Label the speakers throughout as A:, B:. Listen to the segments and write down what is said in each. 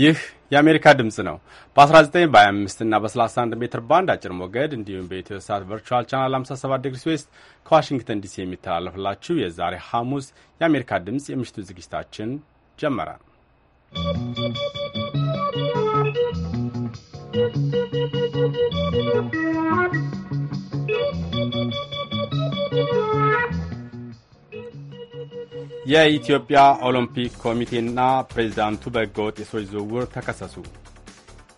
A: ይህ የአሜሪካ ድምፅ ነው። በ19 በ25 እና በ31 ሜትር ባንድ አጭር ሞገድ እንዲሁም በኢትዮ ሳት ቨርቹዋል ቻናል 57 ዲግሪ ስዌስት ከዋሽንግተን ዲሲ የሚተላለፍላችሁ የዛሬ ሐሙስ የአሜሪካ ድምፅ የምሽቱ ዝግጅታችን ጀመረ። ¶¶ የኢትዮጵያ ኦሎምፒክ ኮሚቴና ፕሬዚዳንቱ በህገወጥ የሰዎች ዝውውር ተከሰሱ።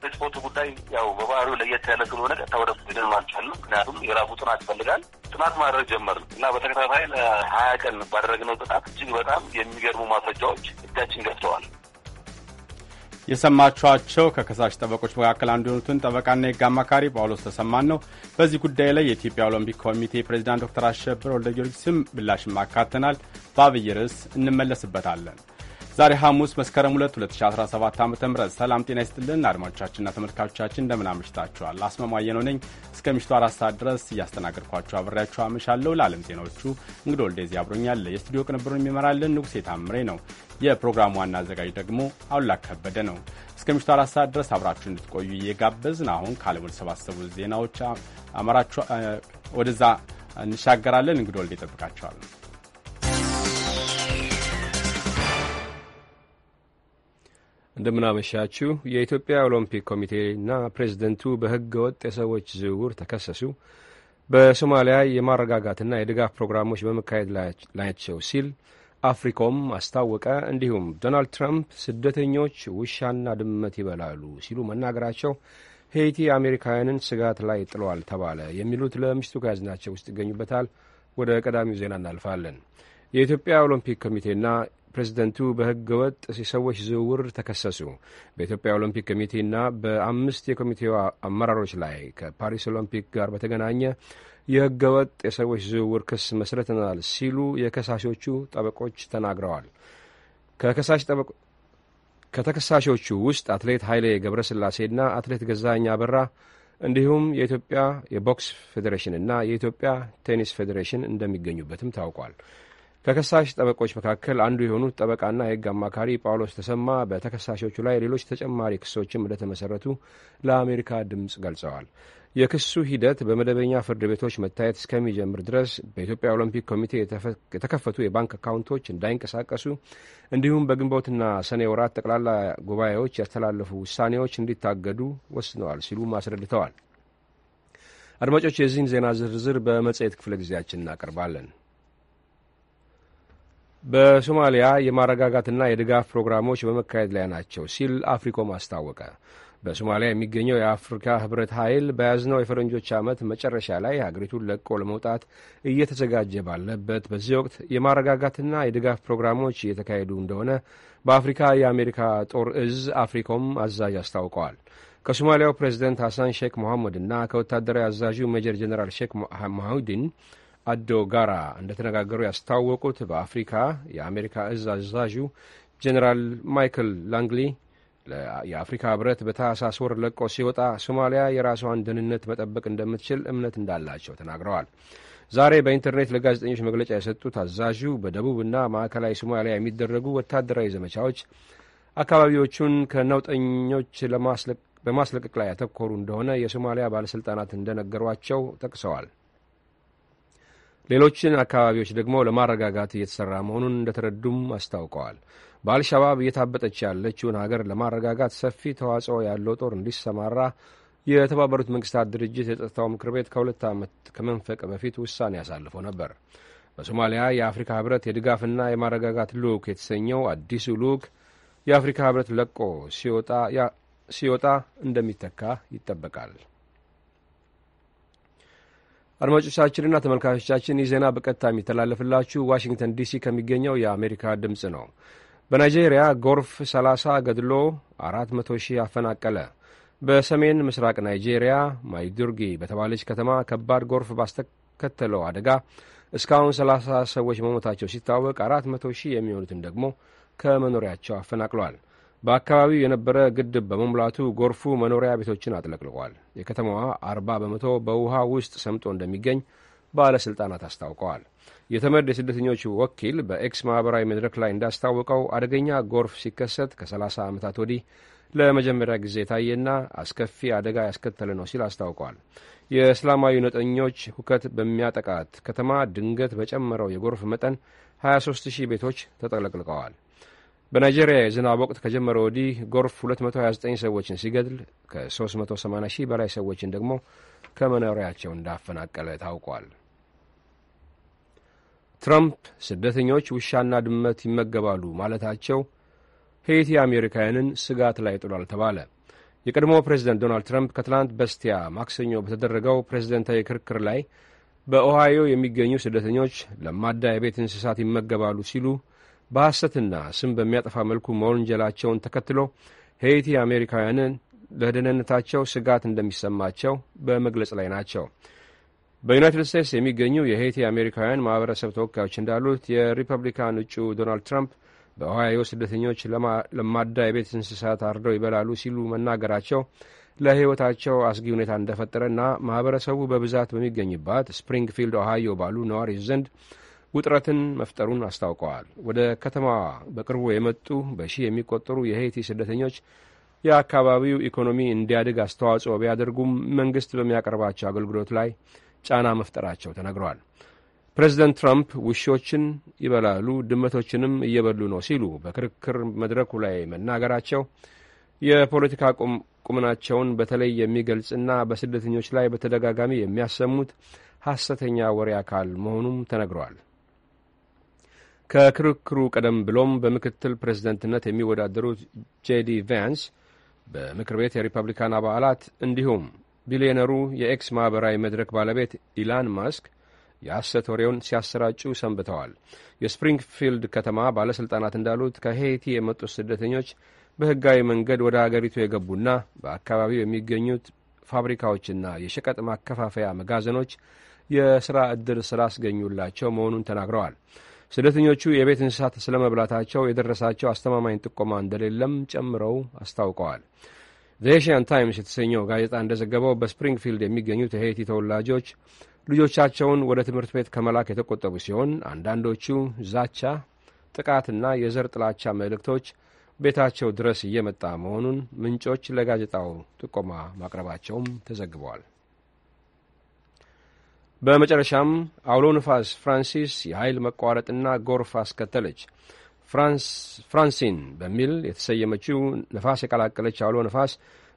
B: የስፖርቱ ጉዳይ ያው በባህሪው ለየት ያለ ስለሆነ ቀጥታ ወደ ፊደል አልቻልንም። ምክንያቱም የራሱ ጥናት ይፈልጋል። ጥናት ማድረግ ጀመርን እና በተከታታይ ለሀያ ቀን ባደረግነው ጥናት እጅግ በጣም የሚገርሙ ማስረጃዎች እጃችን ገብተዋል።
A: የሰማችኋቸው ከከሳሽ ጠበቆች መካከል አንዱ የሆኑትን ጠበቃና የህግ አማካሪ ጳውሎስ ተሰማን ነው። በዚህ ጉዳይ ላይ የኢትዮጵያ ኦሎምፒክ ኮሚቴ ፕሬዚዳንት ዶክተር አሸብር ወልደ ጊዮርጊስ ስም ምላሽም አካተናል። በአብይ ርዕስ እንመለስበታለን። ዛሬ ሐሙስ መስከረም 2 2017 ዓ ም ሰላም ጤና ይስጥልን አድማጮቻችንና ተመልካቾቻችን እንደምን አምሽታችኋል። አስማማየ ነው ነኝ እስከ ምሽቱ አራት ሰዓት ድረስ እያስተናገድኳችሁ አብሬያችሁ አመሻለሁ። ለዓለም ዜናዎቹ እንግዶ ወልደዚ አብሮኛል። የስቱዲዮ ቅንብሩን የሚመራልን ንጉሴ ታምሬ ነው። የፕሮግራሙ ዋና አዘጋጅ ደግሞ አሉላ ከበደ ነው። እስከ ምሽቱ አራት ሰዓት ድረስ አብራችሁ እንድትቆዩ እየጋበዝን አሁን ከዓለም ወደ ሰባሰቡ ዜናዎች አመራችሁ ወደዛ እንሻገራለን። እንግዶ ወልደ ይጠብቃቸዋል።
C: እንደምናመሻችሁ። የኢትዮጵያ ኦሎምፒክ ኮሚቴና ፕሬዚደንቱ በህገ ወጥ የሰዎች ዝውውር ተከሰሱ፣ በሶማሊያ የማረጋጋትና የድጋፍ ፕሮግራሞች በመካሄድ ላያቸው ሲል አፍሪኮም አስታወቀ። እንዲሁም ዶናልድ ትራምፕ ስደተኞች ውሻና ድመት ይበላሉ ሲሉ መናገራቸው ሄይቲ አሜሪካውያንን ስጋት ላይ ጥሏል ተባለ። የሚሉት ለምሽቱ ከያዝናቸው ውስጥ ይገኙበታል። ወደ ቀዳሚው ዜና እናልፋለን። የኢትዮጵያ ኦሎምፒክ ኮሚቴና ፕሬዝደንቱ በህገ ወጥ የሰዎች ዝውውር ተከሰሱ። በኢትዮጵያ ኦሎምፒክ ኮሚቴና በአምስት የኮሚቴው አመራሮች ላይ ከፓሪስ ኦሎምፒክ ጋር በተገናኘ የህገ ወጥ የሰዎች ዝውውር ክስ መስረትናል ሲሉ የከሳሾቹ ጠበቆች ተናግረዋል። ከተከሳሾቹ ውስጥ አትሌት ኃይሌ ገብረስላሴና አትሌት ገዛኛ አበራ እንዲሁም የኢትዮጵያ የቦክስ ፌዴሬሽንና የኢትዮጵያ ቴኒስ ፌዴሬሽን እንደሚገኙበትም ታውቋል። ከከሳሽ ጠበቆች መካከል አንዱ የሆኑት ጠበቃና የህግ አማካሪ ጳውሎስ ተሰማ በተከሳሾቹ ላይ ሌሎች ተጨማሪ ክሶችም እንደተመሰረቱ ለአሜሪካ ድምፅ ገልጸዋል። የክሱ ሂደት በመደበኛ ፍርድ ቤቶች መታየት እስከሚጀምር ድረስ በኢትዮጵያ ኦሎምፒክ ኮሚቴ የተከፈቱ የባንክ አካውንቶች እንዳይንቀሳቀሱ እንዲሁም በግንቦትና ሰኔ ወራት ጠቅላላ ጉባኤዎች ያስተላለፉ ውሳኔዎች እንዲታገዱ ወስነዋል ሲሉም አስረድተዋል። አድማጮች፣ የዚህን ዜና ዝርዝር በመጽሔት ክፍለ ጊዜያችን እናቀርባለን። በሶማሊያ የማረጋጋትና የድጋፍ ፕሮግራሞች በመካሄድ ላይ ናቸው ሲል አፍሪኮም አስታወቀ። በሶማሊያ የሚገኘው የአፍሪካ ህብረት ኃይል በያዝነው የፈረንጆች ዓመት መጨረሻ ላይ ሀገሪቱን ለቆ ለመውጣት እየተዘጋጀ ባለበት በዚህ ወቅት የማረጋጋትና የድጋፍ ፕሮግራሞች እየተካሄዱ እንደሆነ በአፍሪካ የአሜሪካ ጦር እዝ አፍሪኮም አዛዥ አስታውቀዋል። ከሶማሊያው ፕሬዚደንት ሐሳን ሼክ መሐመድና ከወታደራዊ አዛዡ ሜጀር ጀኔራል ሼክ ማሁዲን አዶ ጋራ እንደተነጋገሩ ያስታወቁት በአፍሪካ የአሜሪካ እዝ አዛዡ ጀኔራል ማይክል ላንግሊ የአፍሪካ ህብረት በታህሳስ ወር ለቆ ሲወጣ ሶማሊያ የራሷን ደህንነት መጠበቅ እንደምትችል እምነት እንዳላቸው ተናግረዋል። ዛሬ በኢንተርኔት ለጋዜጠኞች መግለጫ የሰጡት አዛዡ በደቡብና ማዕከላዊ ሶማሊያ የሚደረጉ ወታደራዊ ዘመቻዎች አካባቢዎቹን ከነውጠኞች በማስለቀቅ ላይ ያተኮሩ እንደሆነ የሶማሊያ ባለሥልጣናት እንደነገሯቸው ጠቅሰዋል። ሌሎችን አካባቢዎች ደግሞ ለማረጋጋት እየተሰራ መሆኑን እንደተረዱም አስታውቀዋል። በአልሻባብ እየታበጠች ያለችውን ሀገር ለማረጋጋት ሰፊ ተዋጽኦ ያለው ጦር እንዲሰማራ የተባበሩት መንግስታት ድርጅት የጸጥታው ምክር ቤት ከሁለት ዓመት ከመንፈቅ በፊት ውሳኔ አሳልፎ ነበር። በሶማሊያ የአፍሪካ ህብረት የድጋፍና የማረጋጋት ልዑክ የተሰኘው አዲሱ ልዑክ የአፍሪካ ህብረት ለቆ ሲወጣ እንደሚተካ ይጠበቃል። አድማጮቻችንና ተመልካቾቻችን ይህ ዜና በቀጥታ የሚተላለፍላችሁ ዋሽንግተን ዲሲ ከሚገኘው የአሜሪካ ድምፅ ነው። በናይጄሪያ ጎርፍ 30 ገድሎ 400 ሺህ አፈናቀለ። በሰሜን ምስራቅ ናይጄሪያ ማይዱርጊ በተባለች ከተማ ከባድ ጎርፍ ባስተከተለው አደጋ እስካሁን 30 ሰዎች መሞታቸው ሲታወቅ 400 ሺህ የሚሆኑትን ደግሞ ከመኖሪያቸው አፈናቅሏል። በአካባቢው የነበረ ግድብ በመሙላቱ ጎርፉ መኖሪያ ቤቶችን አጥለቅልቋል። የከተማዋ አርባ በመቶ በውሃ ውስጥ ሰምጦ እንደሚገኝ ባለሥልጣናት አስታውቀዋል። የተመድ የስደተኞች ወኪል በኤክስ ማኅበራዊ መድረክ ላይ እንዳስታወቀው አደገኛ ጎርፍ ሲከሰት ከ30 ዓመታት ወዲህ ለመጀመሪያ ጊዜ የታየና አስከፊ አደጋ ያስከተለ ነው ሲል አስታውቀዋል። የእስላማዊ ነጠኞች ሁከት በሚያጠቃት ከተማ ድንገት በጨመረው የጎርፍ መጠን 23 ሺህ ቤቶች ተጠለቅልቀዋል። በናይጄሪያ የዝናብ ወቅት ከጀመረ ወዲህ ጎርፍ 229 ሰዎችን ሲገድል ከ380 ሺህ በላይ ሰዎችን ደግሞ ከመኖሪያቸው እንዳፈናቀለ ታውቋል። ትራምፕ ስደተኞች ውሻና ድመት ይመገባሉ ማለታቸው ሄይቲ አሜሪካውያንን ስጋት ላይ ጥሏል ተባለ። የቀድሞ ፕሬዚደንት ዶናልድ ትራምፕ ከትላንት በስቲያ ማክሰኞ በተደረገው ፕሬዝደንታዊ ክርክር ላይ በኦሃዮ የሚገኙ ስደተኞች ለማዳ የቤት እንስሳት ይመገባሉ ሲሉ በሐሰትና ስም በሚያጠፋ መልኩ መወንጀላቸውን ተከትሎ ሄይቲ አሜሪካውያንን ለደህንነታቸው ስጋት እንደሚሰማቸው በመግለጽ ላይ ናቸው። በዩናይትድ ስቴትስ የሚገኙ የሄይቲ አሜሪካውያን ማህበረሰብ ተወካዮች እንዳሉት የሪፐብሊካን እጩ ዶናልድ ትራምፕ በኦሃዮ ስደተኞች ለማዳ የቤት እንስሳት አርደው ይበላሉ ሲሉ መናገራቸው ለሕይወታቸው አስጊ ሁኔታ እንደፈጠረና ማህበረሰቡ በብዛት በሚገኝባት ስፕሪንግፊልድ ኦሃዮ ባሉ ነዋሪዎች ዘንድ ውጥረትን መፍጠሩን አስታውቀዋል። ወደ ከተማዋ በቅርቡ የመጡ በሺህ የሚቆጠሩ የሄይቲ ስደተኞች የአካባቢው ኢኮኖሚ እንዲያድግ አስተዋጽኦ ቢያደርጉም መንግሥት በሚያቀርባቸው አገልግሎት ላይ ጫና መፍጠራቸው ተነግሯል። ፕሬዚደንት ትራምፕ ውሾችን ይበላሉ፣ ድመቶችንም እየበሉ ነው ሲሉ በክርክር መድረኩ ላይ መናገራቸው የፖለቲካ ቁምናቸውን በተለይ የሚገልጽና በስደተኞች ላይ በተደጋጋሚ የሚያሰሙት ሐሰተኛ ወሬ አካል መሆኑም ተነግረዋል። ከክርክሩ ቀደም ብሎም በምክትል ፕሬዝደንትነት የሚወዳደሩት ጄዲ ቫንስ በምክር ቤት የሪፐብሊካን አባላት እንዲሁም ቢሊዮነሩ የኤክስ ማኅበራዊ መድረክ ባለቤት ኢላን ማስክ የሐሰት ወሬውን ሲያሰራጩ ሰንብተዋል። የስፕሪንግፊልድ ከተማ ባለሥልጣናት እንዳሉት ከሄይቲ የመጡት ስደተኞች በሕጋዊ መንገድ ወደ አገሪቱ የገቡና በአካባቢው የሚገኙት ፋብሪካዎችና የሸቀጥ ማከፋፈያ መጋዘኖች የሥራ ዕድል ስላስገኙላቸው መሆኑን ተናግረዋል። ስደተኞቹ የቤት እንስሳት ስለመብላታቸው የደረሳቸው አስተማማኝ ጥቆማ እንደሌለም ጨምረው አስታውቀዋል። ዘኤሽያን ታይምስ የተሰኘው ጋዜጣ እንደዘገበው በስፕሪንግፊልድ የሚገኙት የሄይቲ ተወላጆች ልጆቻቸውን ወደ ትምህርት ቤት ከመላክ የተቆጠቡ ሲሆን አንዳንዶቹ ዛቻ፣ ጥቃትና የዘር ጥላቻ መልእክቶች ቤታቸው ድረስ እየመጣ መሆኑን ምንጮች ለጋዜጣው ጥቆማ ማቅረባቸውም ተዘግበዋል። በመጨረሻም አውሎ ንፋስ ፍራንሲስ የኃይል መቋረጥና ጎርፍ አስከተለች። ፍራንሲን በሚል የተሰየመችው ነፋስ የቀላቀለች አውሎ ንፋስ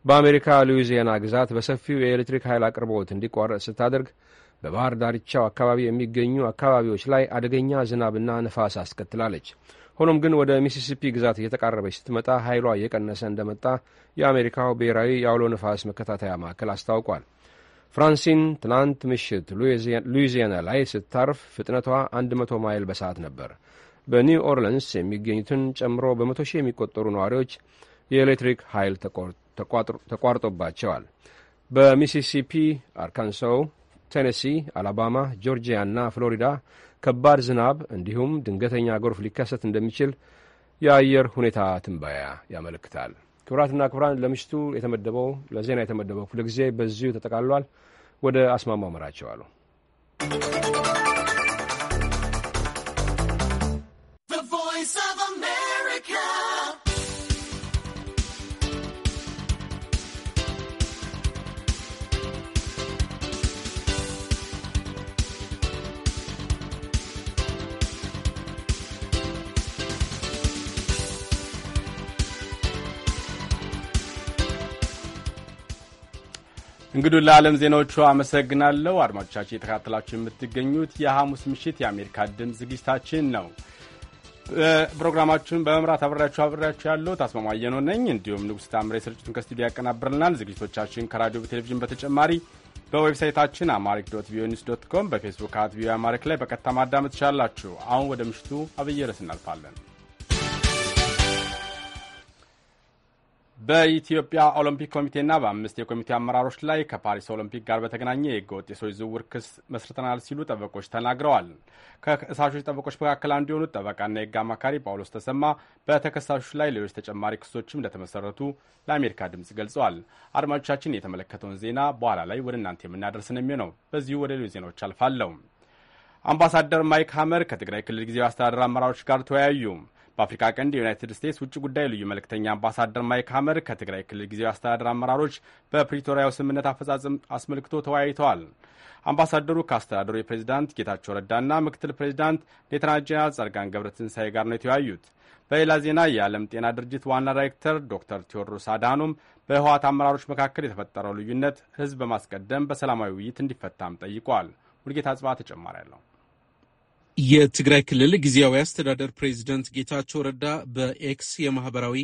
C: በአሜሪካ ሉዊዚያና ግዛት በሰፊው የኤሌክትሪክ ኃይል አቅርቦት እንዲቋረጥ ስታደርግ በባህር ዳርቻው አካባቢ የሚገኙ አካባቢዎች ላይ አደገኛ ዝናብና ነፋስ አስከትላለች። ሆኖም ግን ወደ ሚሲሲፒ ግዛት እየተቃረበች ስትመጣ ኃይሏ እየቀነሰ እንደመጣ የአሜሪካው ብሔራዊ የአውሎ ንፋስ መከታተያ ማዕከል አስታውቋል። ፍራንሲን ትናንት ምሽት ሉዊዚያና ላይ ስታርፍ ፍጥነቷ 100 ማይል በሰዓት ነበር። በኒው ኦርለንስ የሚገኙትን ጨምሮ በመቶ ሺህ የሚቆጠሩ ነዋሪዎች የኤሌክትሪክ ኃይል ተቋርጦባቸዋል። በሚሲሲፒ፣ አርካንሶው፣ ቴኔሲ፣ አላባማ፣ ጆርጂያ እና ፍሎሪዳ ከባድ ዝናብ እንዲሁም ድንገተኛ ጎርፍ ሊከሰት እንደሚችል የአየር ሁኔታ ትንበያ ያመለክታል። ክብራትና ክብራን ለምሽቱ የተመደበው ለዜና የተመደበው ክፍለ ጊዜ በዚሁ ተጠቃልሏል። ወደ አስማማው መራቸው አሉ።
A: እንግዲህ ለዓለም ዜናዎቹ አመሰግናለሁ። አድማጮቻችን የተካተላችሁ የምትገኙት የሐሙስ ምሽት የአሜሪካ ድምፅ ዝግጅታችን ነው። ፕሮግራማችሁን በመምራት አብሬያችሁ አብሬያችሁ ያለው ታስማማየኖ ነኝ። እንዲሁም ንጉሥ ታምሬ ስርጭቱን ከስቱዲዮ ያቀናብርልናል። ዝግጅቶቻችን ከራዲዮ በቴሌቪዥን በተጨማሪ በዌብሳይታችን አማሪክ ዶት ቪኦኤ ኒውስ ዶት ኮም በፌስቡክ አት ቪኦኤ አማሪክ ላይ በቀጥታ ማዳመጥ ትችላላችሁ። አሁን ወደ ምሽቱ አብይ ርዕስ እናልፋለን። በኢትዮጵያ ኦሎምፒክ ኮሚቴና በአምስት የኮሚቴ አመራሮች ላይ ከፓሪስ ኦሎምፒክ ጋር በተገናኘ የህገወጥ የሰዎች ዝውውር ክስ መስርተናል ሲሉ ጠበቆች ተናግረዋል። ከእሳሾች ጠበቆች መካከል አንዱ የሆኑት ጠበቃና የህግ አማካሪ ጳውሎስ ተሰማ በተከሳሾች ላይ ሌሎች ተጨማሪ ክሶችም እንደተመሰረቱ ለአሜሪካ ድምፅ ገልጸዋል። አድማጮቻችን የተመለከተውን ዜና በኋላ ላይ ወደ እናንተ የምናደርስን የሚሆነው በዚሁ ወደ ሌሎች ዜናዎች አልፋለሁ። አምባሳደር ማይክ ሀመር ከትግራይ ክልል ጊዜያዊ አስተዳደር አመራሮች ጋር ተወያዩ። በአፍሪካ ቀንድ የዩናይትድ ስቴትስ ውጭ ጉዳይ ልዩ መልእክተኛ አምባሳደር ማይክ ሀመር ከትግራይ ክልል ጊዜያዊ አስተዳደር አመራሮች በፕሪቶሪያው ስምምነት አፈጻጸም አስመልክቶ ተወያይተዋል። አምባሳደሩ ከአስተዳደሩ የፕሬዚዳንት ጌታቸው ረዳና ምክትል ፕሬዚዳንት ሌተናንጀነራል ጸድቃን ገብረትንሳኤ ጋር ነው የተወያዩት። በሌላ ዜና የዓለም ጤና ድርጅት ዋና ዳይሬክተር ዶክተር ቴዎድሮስ አድሃኖም በህወሓት አመራሮች መካከል የተፈጠረው ልዩነት ህዝብ በማስቀደም በሰላማዊ ውይይት እንዲፈታም ጠይቋል። ሙልጌታ
D: ጽባ ተጨማሪ ያለው የትግራይ ክልል ጊዜያዊ አስተዳደር ፕሬዚደንት ጌታቸው ረዳ በኤክስ የማህበራዊ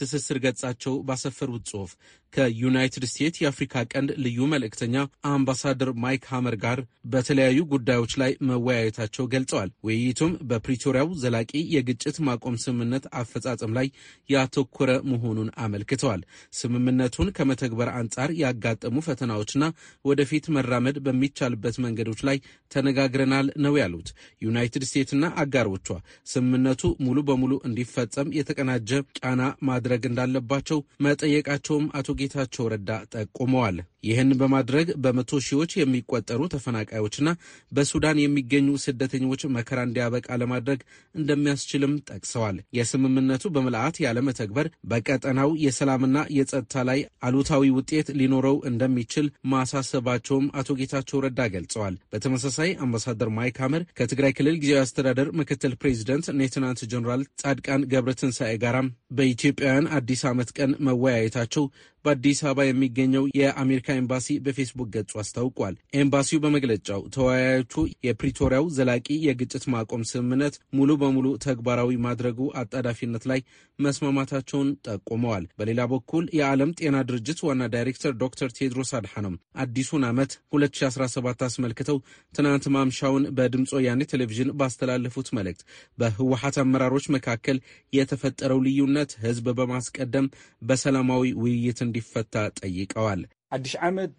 D: ትስስር ገጻቸው ባሰፈሩት ጽሁፍ ከዩናይትድ ስቴትስ የአፍሪካ ቀንድ ልዩ መልእክተኛ አምባሳደር ማይክ ሃመር ጋር በተለያዩ ጉዳዮች ላይ መወያየታቸው ገልጸዋል። ውይይቱም በፕሪቶሪያው ዘላቂ የግጭት ማቆም ስምምነት አፈጻጸም ላይ ያተኮረ መሆኑን አመልክተዋል። ስምምነቱን ከመተግበር አንጻር ያጋጠሙ ፈተናዎችና ወደፊት መራመድ በሚቻልበት መንገዶች ላይ ተነጋግረናል ነው ያሉት። ዩናይትድ ስቴትስና አጋሮቿ ስምምነቱ ሙሉ በሙሉ እንዲፈጸም የተቀናጀ ጫና ማድረግ እንዳለባቸው መጠየቃቸውም አቶ ጌ ጌታቸው ረዳ ጠቁመዋል። ይህን በማድረግ በመቶ ሺዎች የሚቆጠሩ ተፈናቃዮችና በሱዳን የሚገኙ ስደተኞች መከራ እንዲያበቃ ለማድረግ እንደሚያስችልም ጠቅሰዋል። የስምምነቱ በምልአት ያለመተግበር በቀጠናው የሰላምና የጸጥታ ላይ አሉታዊ ውጤት ሊኖረው እንደሚችል ማሳሰባቸውም አቶ ጌታቸው ረዳ ገልጸዋል። በተመሳሳይ አምባሳደር ማይክ ሀመር ከትግራይ ክልል ጊዜያዊ አስተዳደር ምክትል ፕሬዚደንት ሌትናንት ጀኔራል ጻድቃን ገብረትንሳኤ ትንሣኤ ጋራም በኢትዮጵያውያን አዲስ ዓመት ቀን መወያየታቸው በአዲስ አበባ የሚገኘው የአሜሪካ ኤምባሲ በፌስቡክ ገጹ አስታውቋል። ኤምባሲው በመግለጫው ተወያዮቹ የፕሪቶሪያው ዘላቂ የግጭት ማቆም ስምምነት ሙሉ በሙሉ ተግባራዊ ማድረጉ አጣዳፊነት ላይ መስማማታቸውን ጠቁመዋል። በሌላ በኩል የዓለም ጤና ድርጅት ዋና ዳይሬክተር ዶክተር ቴድሮስ አድሓኖም አዲሱን ዓመት 2017 አስመልክተው ትናንት ማምሻውን በድምፅ ወያኔ ቴሌቪዥን ባስተላለፉት መልእክት በህወሀት አመራሮች መካከል የተፈጠረው ልዩነት ህዝብ በማስቀደም በሰላማዊ ውይይት እንዲ እንዲፈታ
C: ጠይቀዋል። ሓድሽ ዓመት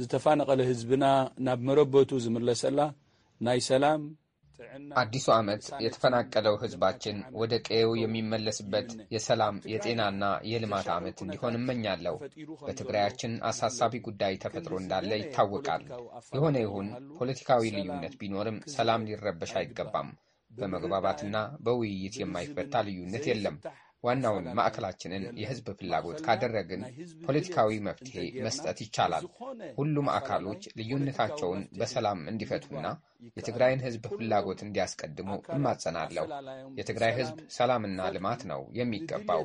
C: ዝተፋነቐለ ህዝብና ናብ መረበቱ ዝምለሰላ ናይ ሰላም አዲሱ ዓመት የተፈናቀለው ህዝባችን ወደ
E: ቀየው የሚመለስበት የሰላም የጤናና የልማት ዓመት እንዲሆን እመኛለሁ። በትግራያችን አሳሳቢ ጉዳይ ተፈጥሮ እንዳለ ይታወቃል። የሆነ ይሁን ፖለቲካዊ ልዩነት ቢኖርም ሰላም ሊረበሽ አይገባም። በመግባባትና በውይይት የማይፈታ ልዩነት የለም። ዋናውን ማዕከላችንን የህዝብ ፍላጎት ካደረግን ፖለቲካዊ መፍትሄ መስጠት ይቻላል። ሁሉም አካሎች ልዩነታቸውን በሰላም እንዲፈቱና የትግራይን ህዝብ ፍላጎት እንዲያስቀድሙ እማጸናለሁ። የትግራይ ህዝብ ሰላምና ልማት ነው የሚገባው።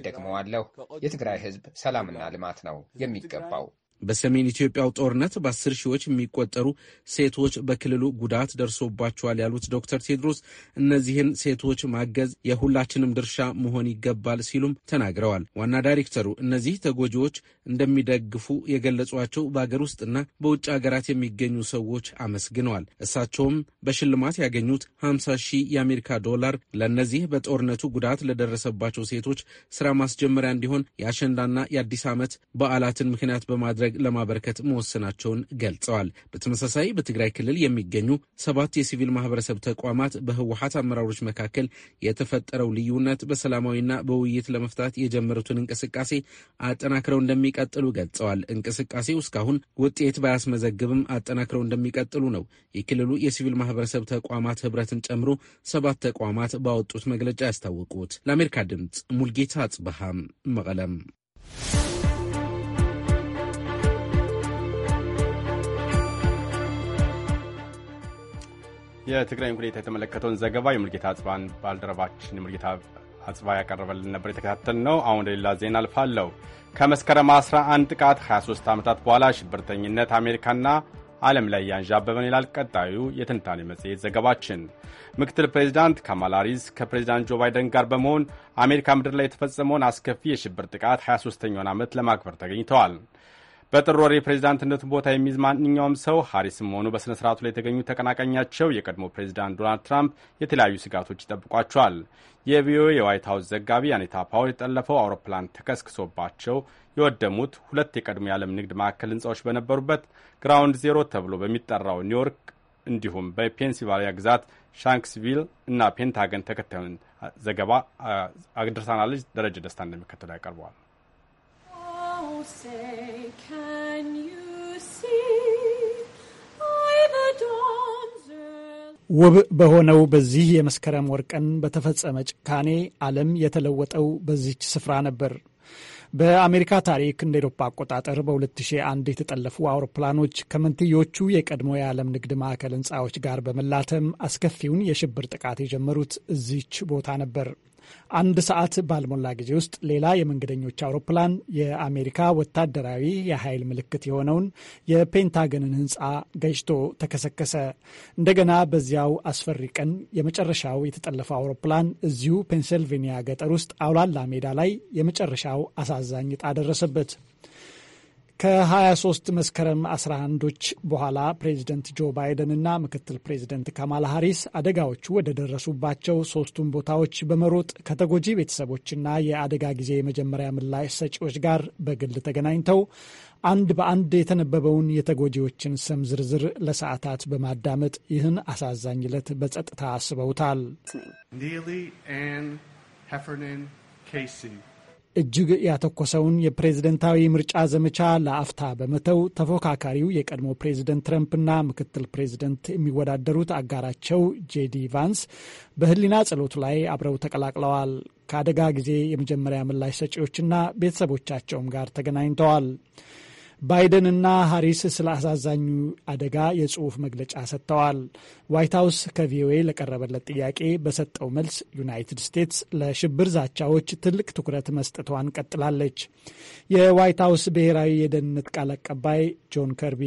E: እደግመዋለሁ። የትግራይ ህዝብ ሰላምና ልማት ነው
D: የሚገባው። በሰሜን ኢትዮጵያው ጦርነት በአስር ሺዎች የሚቆጠሩ ሴቶች በክልሉ ጉዳት ደርሶባቸዋል ያሉት ዶክተር ቴድሮስ እነዚህን ሴቶች ማገዝ የሁላችንም ድርሻ መሆን ይገባል ሲሉም ተናግረዋል። ዋና ዳይሬክተሩ እነዚህ ተጎጂዎች እንደሚደግፉ የገለጿቸው በአገር ውስጥና በውጭ ሀገራት የሚገኙ ሰዎች አመስግነዋል። እሳቸውም በሽልማት ያገኙት 50 ሺህ የአሜሪካ ዶላር ለእነዚህ በጦርነቱ ጉዳት ለደረሰባቸው ሴቶች ስራ ማስጀመሪያ እንዲሆን የአሸንዳና የአዲስ ዓመት በዓላትን ምክንያት በማድረግ በማድረግ ለማበረከት መወሰናቸውን ገልጸዋል። በተመሳሳይ በትግራይ ክልል የሚገኙ ሰባት የሲቪል ማህበረሰብ ተቋማት በህወሀት አመራሮች መካከል የተፈጠረው ልዩነት በሰላማዊና በውይይት ለመፍታት የጀመሩትን እንቅስቃሴ አጠናክረው እንደሚቀጥሉ ገልጸዋል። እንቅስቃሴው እስካሁን ውጤት ባያስመዘግብም አጠናክረው እንደሚቀጥሉ ነው የክልሉ የሲቪል ማህበረሰብ ተቋማት ህብረትን ጨምሮ ሰባት ተቋማት ባወጡት መግለጫ ያስታወቁት። ለአሜሪካ ድምፅ ሙልጌታ አጽበሃም መቀለም
A: የትግራይን ሁኔታ የተመለከተውን ዘገባ የምልጌታ አጽባን ባልደረባችን የምልጌታ አጽባ ያቀረበልን ነበር የተከታተል ነው። አሁን ሌላ ዜና አልፋለሁ። ከመስከረም 11 ጥቃት 23 ዓመታት በኋላ ሽብርተኝነት አሜሪካና ዓለም ላይ ያንዣበበን ይላል ቀጣዩ የትንታኔ መጽሔት ዘገባችን። ምክትል ፕሬዚዳንት ካማላ ሃሪስ ከፕሬዚዳንት ጆ ባይደን ጋር በመሆን አሜሪካ ምድር ላይ የተፈጸመውን አስከፊ የሽብር ጥቃት 23ኛውን ዓመት ለማክበር ተገኝተዋል። በጥር ወር የፕሬዚዳንትነቱን ቦታ የሚይዝ ማንኛውም ሰው ሀሪስም ሆኑ በሥነ ሥርዓቱ ላይ የተገኙ ተቀናቃኛቸው የቀድሞ ፕሬዚዳንት ዶናልድ ትራምፕ የተለያዩ ስጋቶች ይጠብቋቸዋል። የቪኦኤ የዋይት ሀውስ ዘጋቢ አኒታ ፓውል የጠለፈው አውሮፕላን ተከስክሶባቸው የወደሙት ሁለት የቀድሞ የዓለም ንግድ ማዕከል ሕንፃዎች በነበሩበት ግራውንድ ዜሮ ተብሎ በሚጠራው ኒውዮርክ እንዲሁም በፔንሲልቫኒያ ግዛት ሻንክስቪል እና ፔንታገን ተከታዩን ዘገባ አድርሳናለች። ደረጀ ደስታ እንደሚከተለው ያቀርበዋል።
F: oh,
G: ውብ በሆነው በዚህ የመስከረም ወር ቀን በተፈጸመ ጭካኔ ዓለም የተለወጠው በዚች ስፍራ ነበር። በአሜሪካ ታሪክ እንደ ኤሮፓ አቆጣጠር በ2001 የተጠለፉ አውሮፕላኖች ከመንትዮቹ የቀድሞ የዓለም ንግድ ማዕከል ህንፃዎች ጋር በመላተም አስከፊውን የሽብር ጥቃት የጀመሩት እዚች ቦታ ነበር። አንድ ሰዓት ባልሞላ ጊዜ ውስጥ ሌላ የመንገደኞች አውሮፕላን የአሜሪካ ወታደራዊ የኃይል ምልክት የሆነውን የፔንታገንን ሕንፃ ገጭቶ ተከሰከሰ። እንደገና በዚያው አስፈሪ ቀን የመጨረሻው የተጠለፈው አውሮፕላን እዚሁ ፔንሲልቬኒያ ገጠር ውስጥ አውላላ ሜዳ ላይ የመጨረሻው አሳዛኝ ዕጣ ደረሰበት። ከ23 መስከረም 11ዶች በኋላ ፕሬዚደንት ጆ ባይደንና ምክትል ፕሬዚደንት ካማላ ሀሪስ አደጋዎቹ ወደ ደረሱባቸው ሶስቱም ቦታዎች በመሮጥ ከተጎጂ ቤተሰቦችና የአደጋ ጊዜ የመጀመሪያ ምላሽ ሰጪዎች ጋር በግል ተገናኝተው አንድ በአንድ የተነበበውን የተጎጂዎችን ስም ዝርዝር ለሰዓታት በማዳመጥ ይህን አሳዛኝ ዕለት በጸጥታ አስበውታል።
H: ኒሊ አን ኬሲ
G: እጅግ ያተኮሰውን የፕሬዝደንታዊ ምርጫ ዘመቻ ለአፍታ በመተው ተፎካካሪው የቀድሞ ፕሬዝደንት ትረምፕና ምክትል ፕሬዝደንት የሚወዳደሩት አጋራቸው ጄዲ ቫንስ በህሊና ጸሎት ላይ አብረው ተቀላቅለዋል። ከአደጋ ጊዜ የመጀመሪያ ምላሽ ሰጪዎችና ቤተሰቦቻቸውም ጋር ተገናኝተዋል። ባይደንና ሃሪስ ስለ አሳዛኙ አደጋ የጽሑፍ መግለጫ ሰጥተዋል። ዋይት ሀውስ ከቪኦኤ ለቀረበለት ጥያቄ በሰጠው መልስ ዩናይትድ ስቴትስ ለሽብር ዛቻዎች ትልቅ ትኩረት መስጠቷን ቀጥላለች። የዋይት ሀውስ ብሔራዊ የደህንነት ቃል አቀባይ ጆን ከርቢ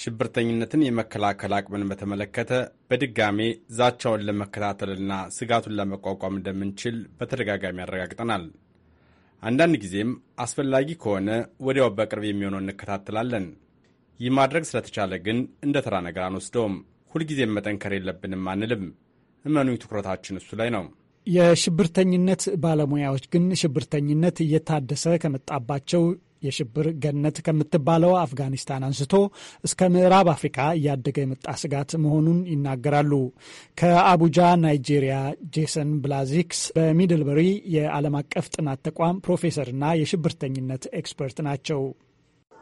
A: ሽብርተኝነትን የመከላከል አቅምን በተመለከተ በድጋሜ ዛቻውን ለመከታተልና ስጋቱን ለመቋቋም እንደምንችል በተደጋጋሚ አረጋግጠናል። አንዳንድ ጊዜም አስፈላጊ ከሆነ ወዲያው በቅርብ የሚሆነው እንከታተላለን። ይህ ማድረግ ስለተቻለ ግን እንደ ተራ ነገር አንወስደውም። ሁልጊዜም መጠንከር የለብንም አንልም። እመኑ፣ ትኩረታችን እሱ ላይ ነው።
G: የሽብርተኝነት ባለሙያዎች ግን ሽብርተኝነት እየታደሰ ከመጣባቸው የሽብር ገነት ከምትባለው አፍጋኒስታን አንስቶ እስከ ምዕራብ አፍሪካ እያደገ የመጣ ስጋት መሆኑን ይናገራሉ። ከአቡጃ ናይጄሪያ ጄሰን ብላዚክስ በሚድልበሪ የዓለም አቀፍ ጥናት ተቋም ፕሮፌሰርና የሽብርተኝነት ኤክስፐርት ናቸው።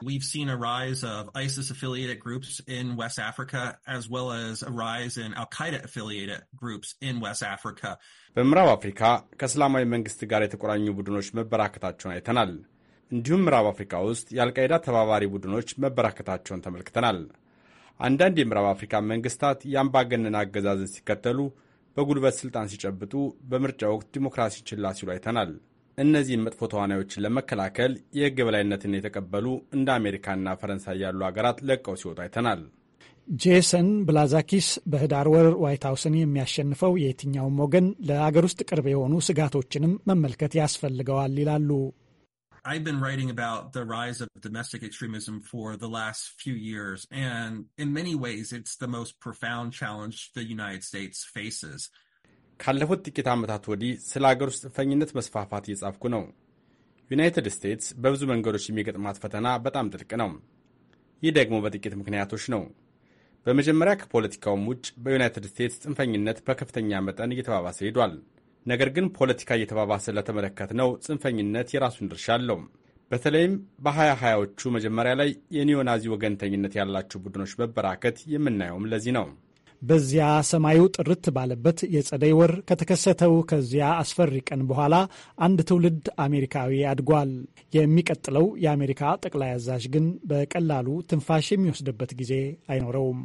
G: We've
H: seen a rise of ISIS affiliated groups in West Africa, as well as a rise in Al Qaeda affiliated groups in West Africa.
A: በምዕራብ አፍሪካ ከእስላማዊ መንግስት ጋር የተቆራኙ ቡድኖች መበራከታቸውን አይተናል። እንዲሁም ምዕራብ አፍሪካ ውስጥ የአልቃይዳ ተባባሪ ቡድኖች መበራከታቸውን ተመልክተናል። አንዳንድ የምዕራብ አፍሪካ መንግስታት የአምባገነን አገዛዝን ሲከተሉ፣ በጉልበት ስልጣን ሲጨብጡ፣ በምርጫ ወቅት ዲሞክራሲ ችላ ሲሉ አይተናል። እነዚህን መጥፎ ተዋናዮችን ለመከላከል የህግ በላይነትን የተቀበሉ እንደ አሜሪካና ፈረንሳይ ያሉ ሀገራት ለቀው ሲወጡ አይተናል።
G: ጄሰን ብላዛኪስ በህዳር ወር ዋይት ሀውስን የሚያሸንፈው የየትኛውም ወገን ለአገር ውስጥ ቅርብ የሆኑ ስጋቶችንም መመልከት ያስፈልገዋል ይላሉ።
H: I've been writing about the rise of domestic extremism for the last few years, and in many ways, it's the most profound challenge the
A: United States faces. ካለፉት ጥቂት ዓመታት ወዲህ ስለ አገር ውስጥ ጽንፈኝነት መስፋፋት እየጻፍኩ ነው። ዩናይትድ ስቴትስ በብዙ መንገዶች የሚገጥማት ፈተና በጣም ጥልቅ ነው። ይህ ደግሞ በጥቂት ምክንያቶች ነው። በመጀመሪያ ከፖለቲካውም ውጭ በዩናይትድ ስቴትስ ጽንፈኝነት በከፍተኛ መጠን እየተባባሰ ሄዷል። ነገር ግን ፖለቲካ እየተባባሰ ነው ጽንፈኝነት የራሱን ድርሻ አለው። በተለይም በሀያ ሀያዎቹ መጀመሪያ ላይ የኒዮናዚ ወገንተኝነት ያላቸው ቡድኖች መበራከት የምናየውም ለዚህ ነው።
G: በዚያ ሰማዩ ጥርት ባለበት የጸደይ ወር ከተከሰተው ከዚያ አስፈሪ ቀን በኋላ አንድ ትውልድ አሜሪካዊ አድጓል። የሚቀጥለው የአሜሪካ ጠቅላይ አዛዥ ግን በቀላሉ ትንፋሽ የሚወስድበት ጊዜ አይኖረውም።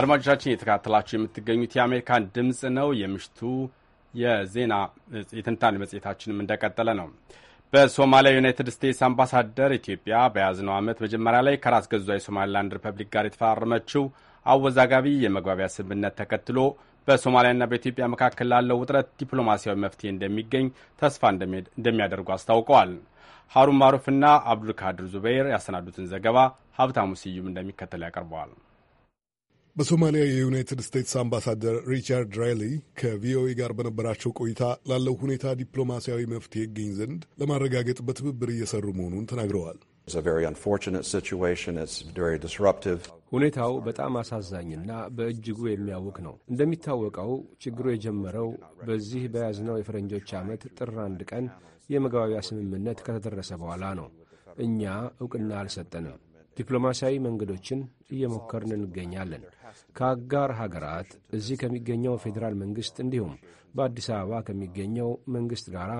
A: አድማጮቻችን እየተከታተላችሁ የምትገኙት የአሜሪካን ድምፅ ነው። የምሽቱ የዜና የትንታኔ መጽሔታችንም እንደቀጠለ ነው። በሶማሊያ ዩናይትድ ስቴትስ አምባሳደር ኢትዮጵያ በያዝነው ዓመት መጀመሪያ ላይ ከራስ ገዟ የሶማሊላንድ ሪፐብሊክ ጋር የተፈራረመችው አወዛጋቢ የመግባቢያ ስምምነት ተከትሎ በሶማሊያና በኢትዮጵያ መካከል ላለው ውጥረት ዲፕሎማሲያዊ መፍትሄ እንደሚገኝ ተስፋ እንደሚያደርጉ አስታውቀዋል። ሀሩን ማሩፍና አብዱልካድር ዙበይር ያሰናዱትን ዘገባ ሀብታሙ ስዩም እንደሚከተል ያቀርበዋል።
I: በሶማሊያ የዩናይትድ ስቴትስ አምባሳደር ሪቻርድ ራይሊ ከቪኦኤ ጋር በነበራቸው ቆይታ ላለው ሁኔታ ዲፕሎማሲያዊ መፍትሄ ይገኝ ዘንድ ለማረጋገጥ በትብብር እየሰሩ መሆኑን ተናግረዋል።
C: ሁኔታው በጣም አሳዛኝና በእጅጉ የሚያውቅ ነው። እንደሚታወቀው ችግሩ የጀመረው በዚህ በያዝነው የፈረንጆች ዓመት ጥር አንድ ቀን የመግባቢያ ስምምነት ከተደረሰ በኋላ ነው። እኛ እውቅና አልሰጠንም። ዲፕሎማሲያዊ መንገዶችን እየሞከርን እንገኛለን። ከአጋር ሀገራት እዚህ ከሚገኘው ፌዴራል መንግሥት እንዲሁም በአዲስ አበባ ከሚገኘው መንግሥት ጋር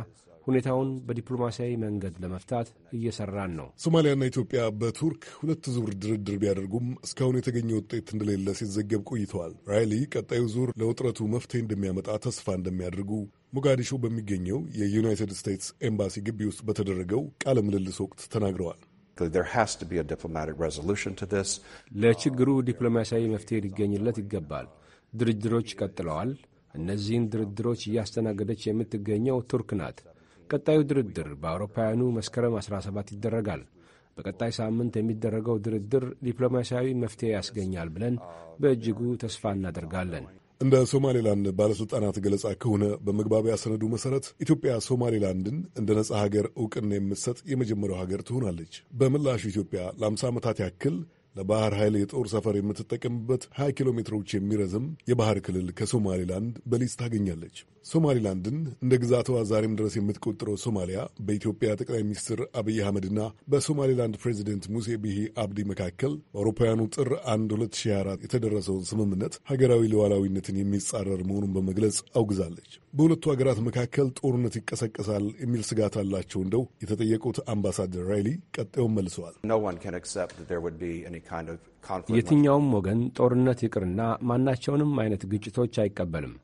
C: ሁኔታውን በዲፕሎማሲያዊ መንገድ ለመፍታት እየሰራን ነው።
I: ሶማሊያና ኢትዮጵያ በቱርክ ሁለት ዙር ድርድር ቢያደርጉም እስካሁን የተገኘ ውጤት እንደሌለ ሲዘገብ ቆይተዋል። ራይሊ ቀጣዩ ዙር ለውጥረቱ መፍትሄ እንደሚያመጣ ተስፋ እንደሚያደርጉ ሞጋዲሾ በሚገኘው የዩናይትድ ስቴትስ ኤምባሲ ግቢ ውስጥ በተደረገው ቃለ ምልልስ ወቅት ተናግረዋል።
C: ለችግሩ ዲፕሎማሲያዊ መፍትሄ ሊገኝለት ይገባል። ድርድሮች ቀጥለዋል። እነዚህን ድርድሮች እያስተናገደች የምትገኘው ቱርክ ናት። ቀጣዩ ድርድር በአውሮፓውያኑ መስከረም 17 ይደረጋል። በቀጣይ ሳምንት የሚደረገው ድርድር ዲፕሎማሲያዊ መፍትሄ ያስገኛል ብለን በእጅጉ ተስፋ እናደርጋለን። እንደ ሶማሌላንድ ባለሥልጣናት ገለጻ ከሆነ በመግባቢያ
I: ሰነዱ መሠረት ኢትዮጵያ ሶማሌላንድን እንደ ነጻ ሀገር እውቅና የምትሰጥ የመጀመሪያው ሀገር ትሆናለች። በምላሹ ኢትዮጵያ ለአምሳ ዓመታት ያክል ለባህር ኃይል የጦር ሰፈር የምትጠቀምበት 20 ኪሎ ሜትሮች የሚረዝም የባህር ክልል ከሶማሌላንድ በሊዝ ታገኛለች። ሶማሌላንድን እንደ ግዛቷ ዛሬም ድረስ የምትቆጥረው ሶማሊያ በኢትዮጵያ ጠቅላይ ሚኒስትር አብይ አህመድና በሶማሌላንድ ፕሬዚደንት ሙሴ ቢሂ አብዲ መካከል በአውሮፓውያኑ ጥር 1 2024 የተደረሰውን ስምምነት ሀገራዊ ሉዓላዊነትን የሚጻረር መሆኑን በመግለጽ አውግዛለች። በሁለቱ ሀገራት መካከል ጦርነት ይቀሰቀሳል የሚል ስጋት አላቸው እንደው የተጠየቁት አምባሳደር ራይሊ
C: ቀጣዩን መልሰዋል። የትኛውም ወገን ጦርነት ይቅርና ማናቸውንም አይነት ግጭቶች አይቀበልም።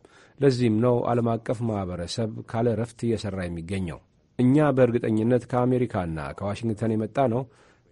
C: ለዚህም ነው ዓለም አቀፍ ማኅበረሰብ ካለ እረፍት እየሠራ የሚገኘው። እኛ በእርግጠኝነት ከአሜሪካና ከዋሽንግተን የመጣ ነው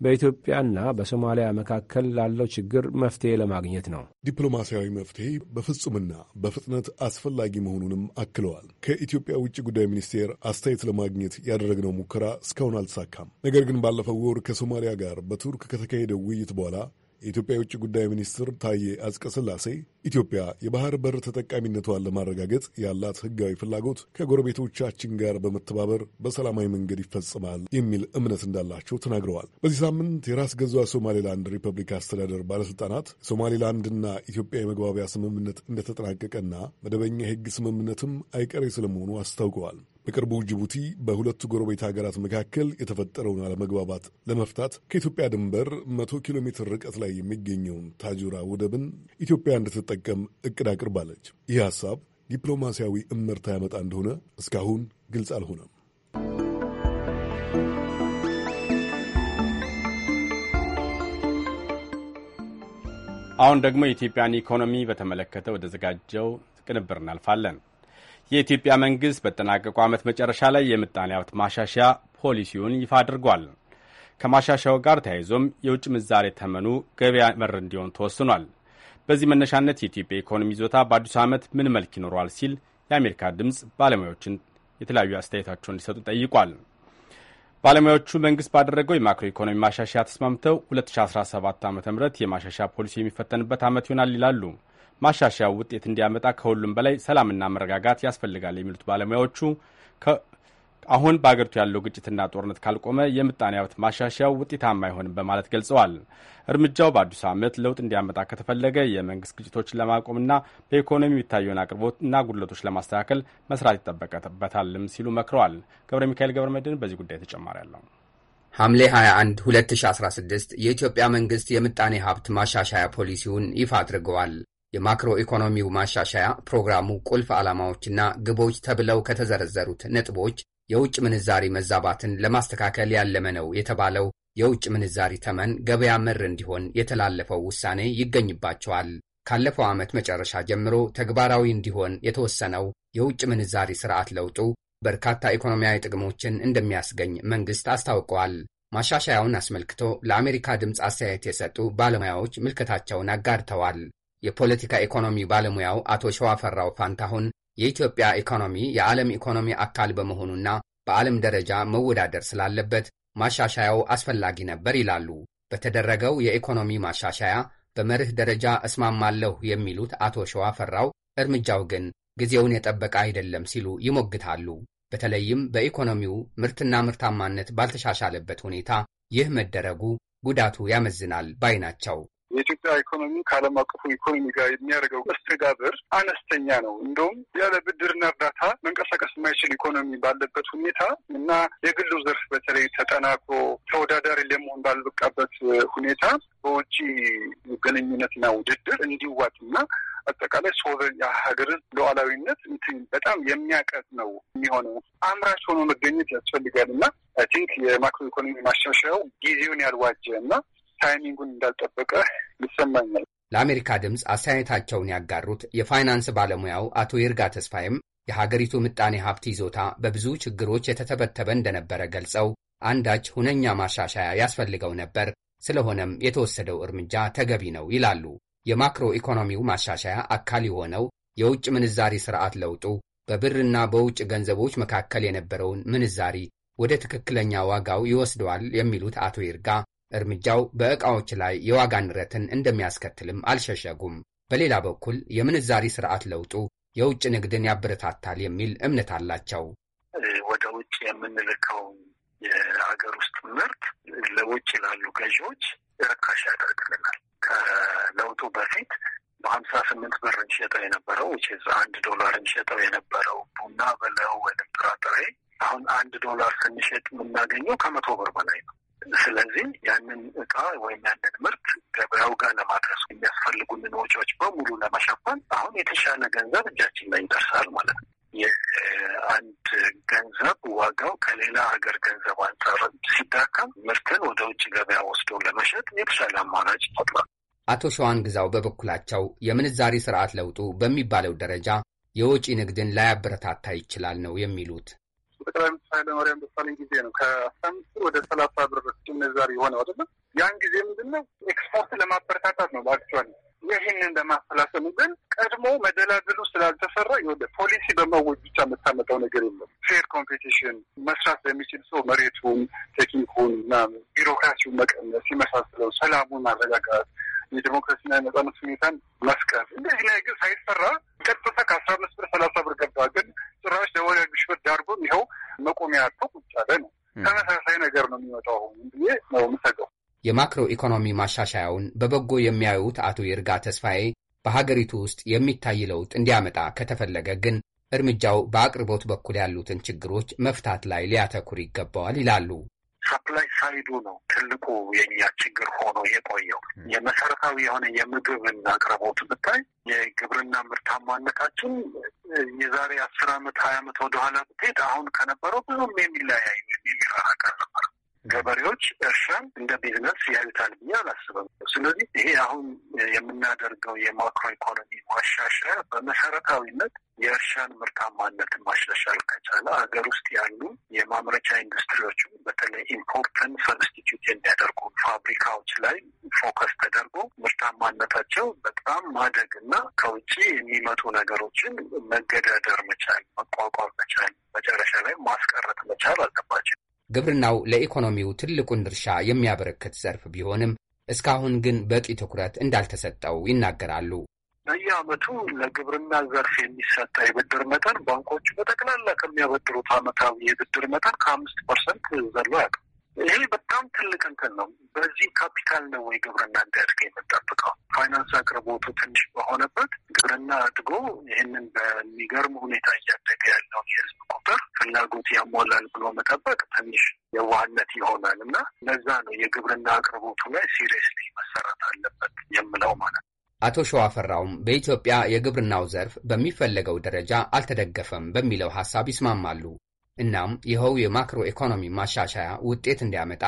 C: በኢትዮጵያና በሶማሊያ መካከል ላለው ችግር መፍትሄ ለማግኘት ነው።
I: ዲፕሎማሲያዊ መፍትሄ በፍጹምና በፍጥነት አስፈላጊ መሆኑንም አክለዋል። ከኢትዮጵያ ውጭ ጉዳይ ሚኒስቴር አስተያየት ለማግኘት ያደረግነው ሙከራ እስካሁን አልተሳካም። ነገር ግን ባለፈው ወር ከሶማሊያ ጋር በቱርክ ከተካሄደው ውይይት በኋላ የኢትዮጵያ የውጭ ጉዳይ ሚኒስትር ታዬ አጽቀሥላሴ ኢትዮጵያ የባህር በር ተጠቃሚነቷን ለማረጋገጥ ያላት ሕጋዊ ፍላጎት ከጎረቤቶቻችን ጋር በመተባበር በሰላማዊ መንገድ ይፈጽማል የሚል እምነት እንዳላቸው ተናግረዋል። በዚህ ሳምንት የራስ ገዟ ሶማሌላንድ ሪፐብሊክ አስተዳደር ባለሥልጣናት ሶማሌላንድና ኢትዮጵያ የመግባቢያ ስምምነት እንደተጠናቀቀና መደበኛ የሕግ ስምምነትም አይቀሬ ስለመሆኑ አስታውቀዋል። በቅርቡ ጅቡቲ በሁለቱ ጎረቤት ሀገራት መካከል የተፈጠረውን አለመግባባት ለመፍታት ከኢትዮጵያ ድንበር መቶ ኪሎ ሜትር ርቀት ላይ የሚገኘውን ታጆራ ወደብን ኢትዮጵያ እንድትጠቀም እቅድ አቅርባለች። ይህ ሀሳብ ዲፕሎማሲያዊ እመርታ ያመጣ እንደሆነ እስካሁን ግልጽ አልሆነም።
A: አሁን ደግሞ የኢትዮጵያን ኢኮኖሚ በተመለከተ ወደ ዘጋጀው ቅንብር እናልፋለን። የኢትዮጵያ መንግሥት በተጠናቀቁ ዓመት መጨረሻ ላይ የምጣኔ ሀብት ማሻሻያ ፖሊሲውን ይፋ አድርጓል። ከማሻሻያው ጋር ተያይዞም የውጭ ምንዛሬ ተመኑ ገበያ መር እንዲሆን ተወስኗል። በዚህ መነሻነት የኢትዮጵያ ኢኮኖሚ ይዞታ በአዲሱ ዓመት ምን መልክ ይኖረዋል ሲል የአሜሪካ ድምፅ ባለሙያዎችን የተለያዩ አስተያየታቸውን እንዲሰጡ ጠይቋል። ባለሙያዎቹ መንግሥት ባደረገው የማክሮ ኢኮኖሚ ማሻሻያ ተስማምተው 2017 ዓ ም የማሻሻያ ፖሊሲ የሚፈተንበት ዓመት ይሆናል ይላሉ። ማሻሻያው ውጤት እንዲያመጣ ከሁሉም በላይ ሰላምና መረጋጋት ያስፈልጋል የሚሉት ባለሙያዎቹ አሁን በአገሪቱ ያለው ግጭትና ጦርነት ካልቆመ የምጣኔ ሀብት ማሻሻያው ውጤታማ አይሆንም በማለት ገልጸዋል። እርምጃው በአዲሱ ዓመት ለውጥ እንዲያመጣ ከተፈለገ የመንግስት ግጭቶችን ለማቆምና በኢኮኖሚ የሚታየውን እና ጉድለቶች ለማስተካከል መስራት ይጠበቅበታልም
E: ሲሉ መክረዋል። ገብረ ሚካኤል ገብረ መድህን በዚህ ጉዳይ ተጨማሪ አለው። ሐምሌ 21 2016 የኢትዮጵያ መንግስት የምጣኔ ሀብት ማሻሻያ ፖሊሲውን ይፋ አድርገዋል። የማክሮ ኢኮኖሚው ማሻሻያ ፕሮግራሙ ቁልፍ ዓላማዎችና ግቦች ተብለው ከተዘረዘሩት ነጥቦች የውጭ ምንዛሪ መዛባትን ለማስተካከል ያለመ ነው የተባለው የውጭ ምንዛሪ ተመን ገበያ መር እንዲሆን የተላለፈው ውሳኔ ይገኝባቸዋል። ካለፈው ዓመት መጨረሻ ጀምሮ ተግባራዊ እንዲሆን የተወሰነው የውጭ ምንዛሪ ሥርዓት ለውጡ በርካታ ኢኮኖሚያዊ ጥቅሞችን እንደሚያስገኝ መንግሥት አስታውቀዋል። ማሻሻያውን አስመልክቶ ለአሜሪካ ድምፅ አስተያየት የሰጡ ባለሙያዎች ምልከታቸውን አጋርተዋል። የፖለቲካ ኢኮኖሚ ባለሙያው አቶ ሸዋፈራው ፋንታሁን የኢትዮጵያ ኢኮኖሚ የዓለም ኢኮኖሚ አካል በመሆኑና በዓለም ደረጃ መወዳደር ስላለበት ማሻሻያው አስፈላጊ ነበር ይላሉ። በተደረገው የኢኮኖሚ ማሻሻያ በመርህ ደረጃ እስማማለሁ የሚሉት አቶ ሸዋፈራው እርምጃው ግን ጊዜውን የጠበቀ አይደለም ሲሉ ይሞግታሉ። በተለይም በኢኮኖሚው ምርትና ምርታማነት ባልተሻሻለበት ሁኔታ ይህ መደረጉ ጉዳቱ ያመዝናል ባይ ናቸው።
H: የኢትዮጵያ ኢኮኖሚ ከዓለም አቀፉ ኢኮኖሚ ጋር የሚያደርገው መስተጋብር አነስተኛ ነው። እንደውም ያለ ብድርና እርዳታ መንቀሳቀስ የማይችል ኢኮኖሚ ባለበት ሁኔታ እና የግሉ ዘርፍ በተለይ ተጠናክሮ ተወዳዳሪ ለመሆን ባልበቃበት ሁኔታ በውጭ ግንኙነትና ውድድር እንዲዋጥና አጠቃላይ ሶቨን ሀገርን ሉዓላዊነት እንትን በጣም የሚያቀት ነው የሚሆነው። አምራች ሆኖ መገኘት ያስፈልጋል እና አይ ቲንክ የማክሮ ኢኮኖሚ ማሻሻያው ጊዜውን ያልዋጀ እና ታይሚንጉን እንዳልጠበቀ
E: ይሰማኛል። ለአሜሪካ ድምፅ አስተያየታቸውን ያጋሩት የፋይናንስ ባለሙያው አቶ ይርጋ ተስፋይም የሀገሪቱ ምጣኔ ሀብት ይዞታ በብዙ ችግሮች የተተበተበ እንደነበረ ገልጸው አንዳች ሁነኛ ማሻሻያ ያስፈልገው ነበር፣ ስለሆነም የተወሰደው እርምጃ ተገቢ ነው ይላሉ። የማክሮ ኢኮኖሚው ማሻሻያ አካል የሆነው የውጭ ምንዛሪ ስርዓት ለውጡ በብርና በውጭ ገንዘቦች መካከል የነበረውን ምንዛሪ ወደ ትክክለኛ ዋጋው ይወስደዋል የሚሉት አቶ ይርጋ እርምጃው በዕቃዎች ላይ የዋጋ ንረትን እንደሚያስከትልም አልሸሸጉም። በሌላ በኩል የምንዛሪ ስርዓት ለውጡ የውጭ ንግድን ያበረታታል የሚል እምነት አላቸው።
F: ወደ ውጭ የምንልከው የሀገር ውስጥ ምርት ለውጭ ላሉ ገዢዎች ርካሽ ያደርግልናል። ከለውጡ በፊት በሀምሳ ስምንት ብር እንሸጠው የነበረው ውጭ አንድ ዶላር እንሸጠው የነበረው ቡና በለው ወይም ጥራጥሬ አሁን አንድ ዶላር ስንሸጥ የምናገኘው ከመቶ ብር በላይ ነው። ስለዚህ ያንን እቃ ወይም ያንን ምርት ገበያው ጋር ለማድረስ የሚያስፈልጉንን ወጪዎች በሙሉ ለመሸፈን አሁን የተሻለ ገንዘብ እጃችን ላይ ይደርሳል ማለት ነው። የአንድ ገንዘብ ዋጋው ከሌላ ሀገር ገንዘብ አንጻር ሲዳከም ምርትን ወደ ውጭ ገበያ ወስዶ ለመሸጥ የተሻለ አማራጭ ይፈጥራል።
E: አቶ ሸዋን ግዛው በበኩላቸው የምንዛሪ ስርዓት ለውጡ በሚባለው ደረጃ የወጪ ንግድን ላያበረታታ ይችላል ነው የሚሉት።
H: በጠቅላይ ሚኒስትር ኃይለማርያም ደሳለኝ ጊዜ ነው ከአስራ አምስት ወደ ሰላሳ ብር ምንዛሪ የሆነው አይደለም። ያን ጊዜ ምንድነው ኤክስፖርት ለማበረታታት ነው በአክቹዋሊ ይህንን ለማሰላሰሉ ግን ቀድሞ መደላደሉ ስላልተሰራ የሆነ ፖሊሲ በማወጅ ብቻ የምታመጣው ነገር የለም። ፌር ኮምፒቲሽን መስራት ለሚችል ሰው መሬቱን፣ ቴክኒኩን፣ ምናምን ቢሮክራሲውን መቀነስ የመሳሰለው ሰላሙን ማረጋጋት የዴሞክራሲና የነጻነት ሁኔታን መስቀር እንደዚህ ላይ ግን ሳይሰራ ቀጥታ ከአስራ አምስት ብር ሰላሳ ብር ገባ። ግን ጭራሽ ለወደ ግሽበት ዳርጎን ይኸው መቆሚያ አቶ ቁጭ ያለ ነው። ተመሳሳይ ነገር ነው የሚመጣው አሁን ብዬ ነው የምሰገው።
E: የማክሮ ኢኮኖሚ ማሻሻያውን በበጎ የሚያዩት አቶ ይርጋ ተስፋዬ በሀገሪቱ ውስጥ የሚታይ ለውጥ እንዲያመጣ ከተፈለገ ግን እርምጃው በአቅርቦት በኩል ያሉትን ችግሮች መፍታት ላይ ሊያተኩር ይገባዋል ይላሉ።
F: ሰፕላይ ሳይዱ ነው ትልቁ የኛ ችግር ሆኖ የቆየው። የመሰረታዊ የሆነ የምግብን አቅርቦት ብታይ የግብርና ምርታማነታችን የዛሬ አስር አመት ሀያ አመት ወደኋላ ብትሄድ አሁን ከነበረው ብዙም የሚለያይ የሚራራቅ አልነበረም። ገበሬዎች እርሻን እንደ ቢዝነስ ያዩታል ብዬ አላስብም። ስለዚህ ይሄ አሁን የምናደርገው የማክሮ ኢኮኖሚ ማሻሻያ በመሰረታዊነት የእርሻን ምርታማነትን ማሻሻል ከቻለ ሀገር ውስጥ ያሉ የማምረቻ ኢንዱስትሪዎች በተለይ ኢምፖርትን ሰብስቲቱት የሚያደርጉ ፋብሪካዎች ላይ ፎከስ ተደርጎ ምርታማነታቸው በጣም ማደግ እና ከውጭ የሚመጡ ነገሮችን መገዳደር መቻል፣ መቋቋም መቻል፣ መጨረሻ ላይ ማስቀረት
E: መቻል አለባቸው። ግብርናው ለኢኮኖሚው ትልቁን ድርሻ የሚያበረክት ዘርፍ ቢሆንም እስካሁን ግን በቂ ትኩረት እንዳልተሰጠው ይናገራሉ።
F: በየዓመቱ ለግብርና ዘርፍ የሚሰጠ የብድር መጠን ባንኮች በጠቅላላ ከሚያበድሩት ዓመታዊ የብድር መጠን ከአምስት ፐርሰንት ዘሎ ያውቅ ይሄ በጣም ትልቅ እንትን ነው። በዚህ ካፒታል ነው ወይ ግብርና እንዲያድግ የምንጠብቀው? ፋይናንስ አቅርቦቱ ትንሽ በሆነበት ግብርና አድጎ ይህንን በሚገርም ሁኔታ እያደገ ያለውን የህዝብ ቁጥር ፍላጎት ያሟላል ብሎ መጠበቅ ትንሽ የዋህነት ይሆናል እና ለዛ ነው የግብርና አቅርቦቱ ላይ ሲሪየስሊ መሰራት አለበት የምለው ማለት ነው።
E: አቶ ሸዋፈራውም በኢትዮጵያ የግብርናው ዘርፍ በሚፈለገው ደረጃ አልተደገፈም በሚለው ሀሳብ ይስማማሉ። እናም ይኸው የማክሮ ኢኮኖሚ ማሻሻያ ውጤት እንዲያመጣ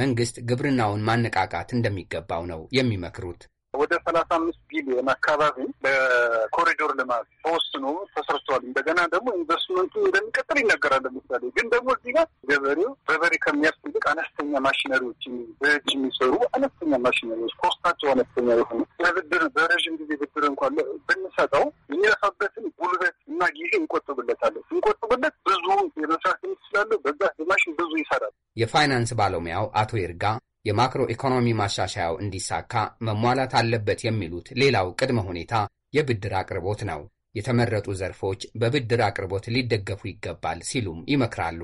E: መንግስት ግብርናውን ማነቃቃት እንደሚገባው ነው የሚመክሩት።
H: ወደ ሰላሳ አምስት ቢሊዮን አካባቢ በኮሪዶር ልማት ተወስኖ ተሰርቷል። እንደገና ደግሞ ኢንቨስትመንቱ እንደሚቀጥል ይነገራል። ለምሳሌ ግን ደግሞ እዚህ ጋር ገበሬው በበሬ ከሚያርስ ይልቅ አነስተኛ ማሽነሪዎች፣ በእጅ የሚሰሩ አነስተኛ ማሽነሪዎች ኮስታቸው አነስተኛ የሆኑ ለብድር በረዥም ጊዜ ብድር እንኳን ብንሰጠው የሚለፋበትን ጉልበት እና ጊዜ እንቆጥብለታለን። እንቆጥብለት
F: ብዙ የመስራት ስላለው በዛ ማሽን
E: ብዙ ይሰራል። የፋይናንስ ባለሙያው አቶ ይርጋ የማክሮ ኢኮኖሚ ማሻሻያው እንዲሳካ መሟላት አለበት የሚሉት ሌላው ቅድመ ሁኔታ የብድር አቅርቦት ነው። የተመረጡ ዘርፎች በብድር አቅርቦት ሊደገፉ ይገባል ሲሉም ይመክራሉ።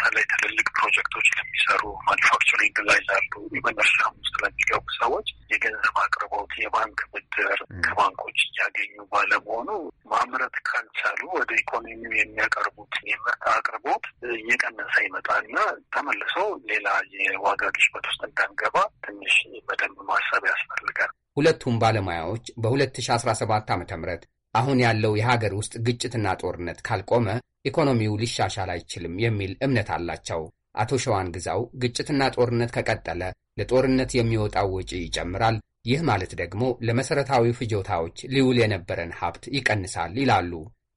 E: በተለይ ትልልቅ
F: ፕሮጀክቶች ለሚሰሩ ማኒፋክቸሪንግ ላይ ላሉ የመነሻ ውስጥ ለሚገቡ ሰዎች የገንዘብ አቅርቦት የባንክ ብድር ከባንኮች እያገኙ ባለመሆኑ ማምረት ካልቻሉ ወደ ኢኮኖሚው የሚያቀርቡት የምርት አቅርቦት እየቀነሰ ይመጣልና ተመልሶ ሌላ የዋጋ ግሽበት ውስጥ እንዳንገባ ትንሽ በደንብ ማሰብ
E: ያስፈልጋል። ሁለቱም ባለሙያዎች በ2017 ዓ ም አሁን ያለው የሀገር ውስጥ ግጭትና ጦርነት ካልቆመ ኢኮኖሚው ሊሻሻል አይችልም የሚል እምነት አላቸው። አቶ ሸዋን ግዛው ግጭትና ጦርነት ከቀጠለ ለጦርነት የሚወጣው ወጪ ይጨምራል፣ ይህ ማለት ደግሞ ለመሰረታዊ ፍጆታዎች ሊውል የነበረን ሀብት ይቀንሳል ይላሉ።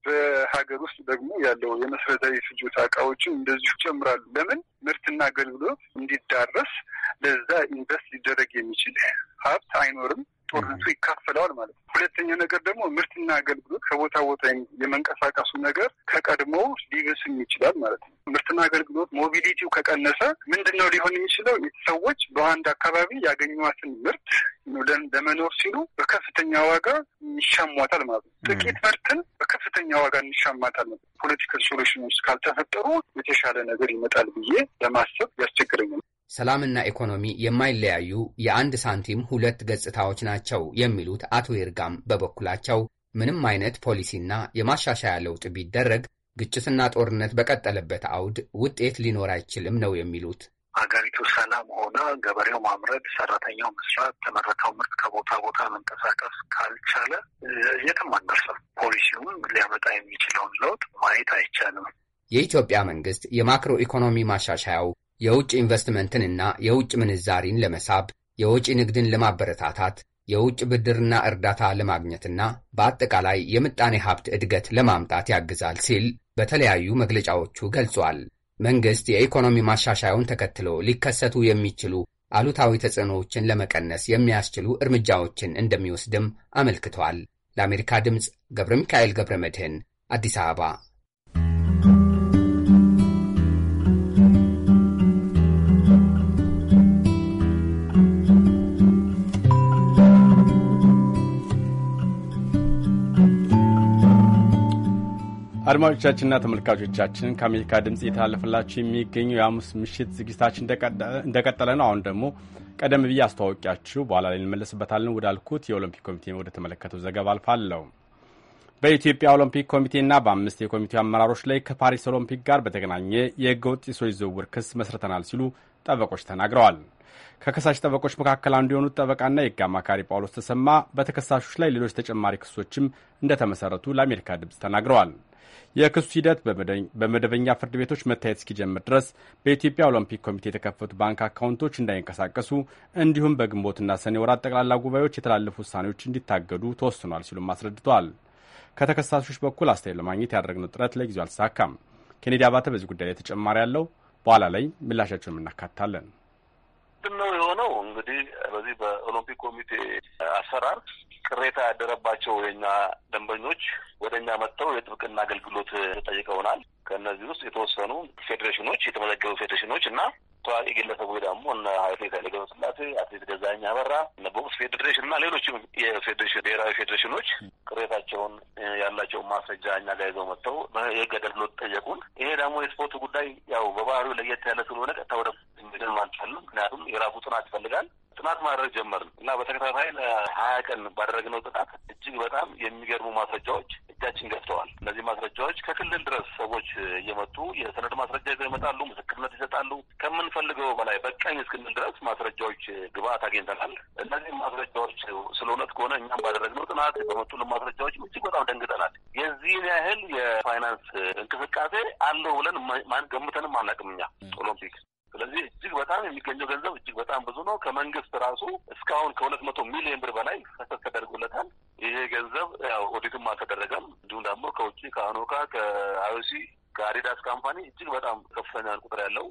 H: በሀገር ውስጥ ደግሞ ያለው የመሰረታዊ ፍጆታ እቃዎችን እንደዚሁ ይጨምራሉ። ለምን ምርትና አገልግሎት እንዲዳረስ ለዛ ኢንቨስት ሊደረግ የሚችል ሀብት አይኖርም። ጦርነቱ ይካፈለዋል ማለት ነው። ሁለተኛ ነገር ደግሞ ምርትና አገልግሎት ከቦታ ቦታ የመንቀሳቀሱ ነገር ከቀድሞ ሊብስም ይችላል ማለት ነው። ምርትና አገልግሎት ሞቢሊቲው ከቀነሰ ምንድን ነው ሊሆን የሚችለው? ሰዎች በአንድ አካባቢ ያገኟትን ምርት ለመኖር ሲሉ በከፍተኛ ዋጋ ይሻሟታል ማለት ነው። ጥቂት ምርትን በከፍተኛ ዋጋ እንሻማታል። ፖለቲካል ሶሉሽኖች ካልተፈጠሩ የተሻለ ነገር ይመጣል ብዬ ለማሰብ
E: ያስቸግረኛል። ሰላምና ኢኮኖሚ የማይለያዩ የአንድ ሳንቲም ሁለት ገጽታዎች ናቸው የሚሉት አቶ ይርጋም በበኩላቸው ምንም አይነት ፖሊሲና የማሻሻያ ለውጥ ቢደረግ ግጭትና ጦርነት በቀጠለበት አውድ ውጤት ሊኖር አይችልም ነው የሚሉት። ሀገሪቱ
F: ሰላም ሆነ ገበሬው ማምረት፣ ሰራተኛው መስራት፣ ተመረተው ምርት ከቦታ ቦታ መንቀሳቀስ ካልቻለ የትም አንደርስም። ፖሊሲውን ሊያመጣ የሚችለውን ለውጥ ማየት አይቻልም።
E: የኢትዮጵያ መንግስት የማክሮ ኢኮኖሚ ማሻሻያው የውጭ ኢንቨስትመንትንና የውጭ ምንዛሪን ለመሳብ፣ የውጭ ንግድን ለማበረታታት፣ የውጭ ብድርና እርዳታ ለማግኘትና በአጠቃላይ የምጣኔ ሀብት ዕድገት ለማምጣት ያግዛል ሲል በተለያዩ መግለጫዎቹ ገልጿል። መንግሥት የኢኮኖሚ ማሻሻያውን ተከትሎ ሊከሰቱ የሚችሉ አሉታዊ ተጽዕኖዎችን ለመቀነስ የሚያስችሉ እርምጃዎችን እንደሚወስድም አመልክቷል። ለአሜሪካ ድምፅ ገብረ ሚካኤል ገብረ መድህን አዲስ አበባ
A: አድማጮቻችንና ተመልካቾቻችን ከአሜሪካ ድምፅ እየተላለፈላቸው የሚገኘው የሐሙስ ምሽት ዝግጅታችን እንደቀጠለ ነው። አሁን ደግሞ ቀደም ብዬ አስተዋወቂያችሁ በኋላ ላይ እንመለስበታለን ወዳልኩት የኦሎምፒክ ኮሚቴ ወደ ተመለከተው ዘገባ አልፋለሁ። በኢትዮጵያ ኦሎምፒክ ኮሚቴና በአምስት የኮሚቴው አመራሮች ላይ ከፓሪስ ኦሎምፒክ ጋር በተገናኘ ወጥ የሰዎች ዝውውር ክስ መስርተናል ሲሉ ጠበቆች ተናግረዋል። ከከሳሽ ጠበቆች መካከል አንዱ የሆኑት ጠበቃና የህግ አማካሪ ጳውሎስ ተሰማ በተከሳሾች ላይ ሌሎች ተጨማሪ ክሶችም እንደተመሰረቱ ለአሜሪካ ድምፅ ተናግረዋል። የክሱ ሂደት በመደበኛ ፍርድ ቤቶች መታየት እስኪጀምር ድረስ በኢትዮጵያ ኦሎምፒክ ኮሚቴ የተከፈቱ ባንክ አካውንቶች እንዳይንቀሳቀሱ እንዲሁም በግንቦትና ሰኔ ወራት ጠቅላላ ጉባኤዎች የተላለፉ ውሳኔዎች እንዲታገዱ ተወስኗል ሲሉም አስረድተዋል። ከተከሳሾች በኩል አስተያየት ለማግኘት ያደረግነው ጥረት ለጊዜው አልተሳካም። ኬኔዲ አባተ በዚህ ጉዳይ ላይ ተጨማሪ ያለው በኋላ ላይ ምላሻቸውን እናካታለን።
B: ምንድን ነው የሆነው? እንግዲህ በዚህ በኦሎምፒክ ኮሚቴ አሰራር ቅሬታ ያደረባቸው የኛ ደንበኞች ወደ እኛ መጥተው የጥብቅና አገልግሎት ተጠይቀውናል። ከእነዚህ ውስጥ የተወሰኑ ፌዴሬሽኖች፣ የተመዘገቡ ፌዴሬሽኖች እና ታዋቂ ግለሰቦች ደግሞ እነ አትሌት ኃይሌ አትሌት ገዛኸኝ አበራ፣ እነ ቦክስ ፌዴሬሽን እና ሌሎችም የፌዴሬሽን ብሔራዊ ፌዴሬሽኖች ቅሬታቸውን ያላቸውን ማስረጃ እኛ ጋር ይዘው መጥተው የህግ አገልግሎት ጠየቁን። ይሄ ደግሞ የስፖርት ጉዳይ ያው በባህሪው ለየት ያለ ስለሆነ ቀጥታ ወደ ሚድን ማልቻሉ ምክንያቱም የራሱ ጥናት ይፈልጋል ጥናት ማድረግ ጀመርን እና በተከታታይ ለሀያ ቀን ባደረግነው ጥናት እጅግ በጣም የሚገርሙ ማስረጃዎች እጃችን ገብተዋል። እነዚህ ማስረጃዎች ከክልል ድረስ ሰዎች እየመጡ የሰነድ ማስረጃ ይዘው ይመጣሉ፣ ምስክርነት ይሰጣሉ። ከምንፈልገው በላይ በቃኝ እስክንል ድረስ ማስረጃዎች ግብአት አግኝተናል። እነዚህ ማስረጃዎች ስለ እውነት ከሆነ እኛም ባደረግነው ጥናት በመጡልን ማስረጃዎች እጅግ በጣም ደንግጠናል። የዚህን ያህል የፋይናንስ እንቅስቃሴ አለው ብለን ማን ገምተንም አናውቅም። እኛ ኦሎምፒክ ስለዚህ እጅግ በጣም የሚገኘው ገንዘብ እጅግ በጣም ብዙ ነው። ከመንግስት ራሱ እስካሁን ከሁለት መቶ ሚሊዮን ብር በላይ ፈሰስ ተደርጎለታል። ይሄ ገንዘብ ያው ኦዲትም አልተደረገም። እንዲሁም ደግሞ ከውጭ ከአኖካ ከአዮሲ ከአዲዳስ ካምፓኒ እጅግ በጣም ከፍተኛ ቁጥር ያለው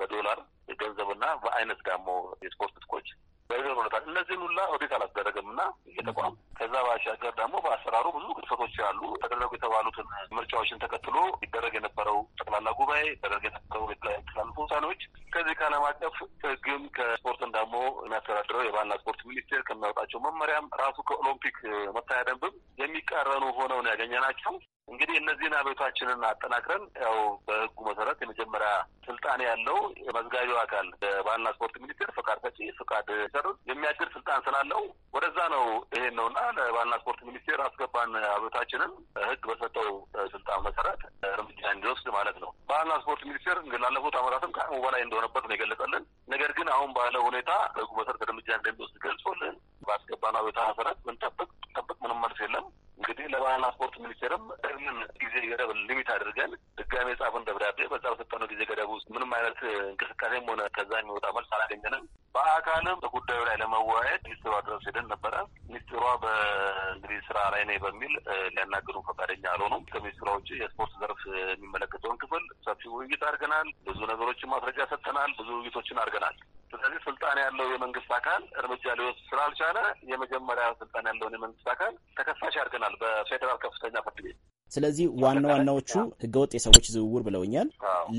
B: በዶላር ገንዘብና በአይነት ደግሞ የስፖርት ትጥቆች በሪዞ ሁኔታ እነዚህን ሁላ ኦዲት አላስደረገም እና የተቋም ከዛ ባሻገር ደግሞ በአሰራሩ ብዙ ክፍተቶች አሉ። ተደረጉ የተባሉትን ምርጫዎችን ተከትሎ ይደረግ የነበረው ጠቅላላ ጉባኤ ይደረግ የነበረው የተላለፉ ውሳኔዎች ከዚህ ከዓለም አቀፍ ሕግም ከስፖርትን ደግሞ የሚያስተዳድረው የባህልና ስፖርት ሚኒስቴር ከሚያወጣቸው መመሪያም ራሱ ከኦሎምፒክ መታያ ደንብም የሚቃረኑ ሆነው ነው ያገኘናቸው። እንግዲህ እነዚህን አቤቷችንን አጠናክረን ያው በህጉ መሰረት የመጀመሪያ ስልጣን ያለው የመዝጋቢው አካል ባህልና ስፖርት ሚኒስቴር ፈቃድ ሰጪ ፈቃድ ይሰርዝ የሚያድር ስልጣን ስላለው ወደዛ ነው ይሄን ነውና ለባህልና ስፖርት ሚኒስቴር አስገባን አቤቷችንን ህግ በሰጠው ስልጣን መሰረት እርምጃ እንዲወስድ ማለት ነው። ባህልና ስፖርት ሚኒስቴር ላለፉት አመታትም ከአቅሙ በላይ እንደሆነበት ነው የገለጸልን። ነገር ግን አሁን ባለው ሁኔታ በህጉ መሰረት እርምጃ እንደሚወስድ ገልጾልን ባስገባን አቤቷ መሰረት ምንጠብቅ ጠብቅ ምንም መልስ የለም። እንግዲህ ለባህልና ስፖርት ሚኒስቴርም ይህንን ጊዜ ገደብ ሊሚት አድርገን ድጋሜ የጻፉን ደብዳቤ በዛ በሰጠነው ጊዜ ገደብ ውስጥ ምንም አይነት እንቅስቃሴም ሆነ ከዛ የሚወጣ መልስ አላገኘንም። በአካልም በጉዳዩ ላይ ለመወያየት ሚኒስትሯ ድረስ ሄደን ነበረ። ሚኒስትሯ በእንግዲህ ስራ ላይ ነኝ በሚል ሊያናግሩን ፈቃደኛ አልሆኑም። ከሚኒስትሯ ውጭ የስፖርት ዘርፍ የሚመለከተውን ክፍል ሰፊ ውይይት አድርገናል። ብዙ ነገሮችን ማስረጃ ሰጥተናል። ብዙ ውይይቶችን አድርገናል። ስለዚህ ስልጣን ያለው የመንግስት አካል እርምጃ ሊወስድ ስላልቻለ የመጀመሪያ ስልጣን ያለውን የመንግስት አካል ተከሳሽ
F: አድርገናል በፌዴራል
A: ከፍተኛ ፍርድ ቤት። ስለዚህ ዋና ዋናዎቹ ህገወጥ የሰዎች ዝውውር ብለውኛል።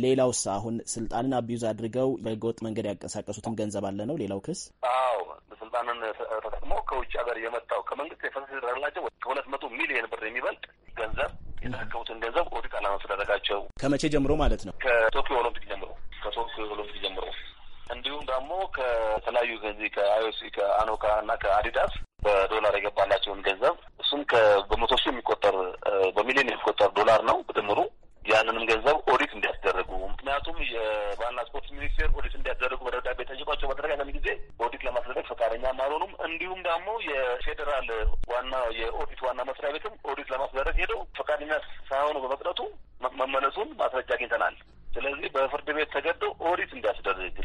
A: ሌላውስ አሁን ስልጣንን አቢዩዝ አድርገው በህገወጥ መንገድ ያንቀሳቀሱትም ገንዘብ አለ ነው ሌላው ክስ። አዎ ስልጣንን ተጠቅሞ ከውጭ ሀገር የመጣው ከመንግስት የፈሰስ የተደረገላቸው ከሁለት መቶ ሚሊዮን ብር የሚበልጥ ገንዘብ የተረከቡትን ገንዘብ ኦዲት አላማ ስደረጋቸው ከመቼ ጀምሮ ማለት
F: ነው?
B: ከቶኪዮ ኦሎምፒክ ጀምሮ ከቶኪዮ ኦሎምፒክ ጀምሮ እንዲሁም ደግሞ ከተለያዩ ከዚህ ከአይኦሲ ከአኖካ እና ከአዲዳስ በዶላር የገባላቸውን ገንዘብ እሱም በመቶ ሺህ የሚቆጠር በሚሊዮን የሚቆጠር ዶላር ነው በድምሩ ያንንም ገንዘብ ኦዲት እንዲያስደረጉ ምክንያቱም የባህልና ስፖርት ሚኒስቴር ኦዲት እንዲያስደረጉ በደብዳቤ ጠይቋቸው በተደጋጋሚ ጊዜ ኦዲት ለማስደረግ ፈቃደኛም አልሆኑም። እንዲሁም ደግሞ የፌዴራል ዋና የኦዲት ዋና መስሪያ ቤትም ኦዲት ለማስደረግ ሄደው ፈቃደኛ ሳይሆኑ በመቅረቱ መመለሱን ማስረጃ አግኝተናል። ስለዚህ በፍርድ ቤት ተገዶ ኦዲት እንዲያስደርግ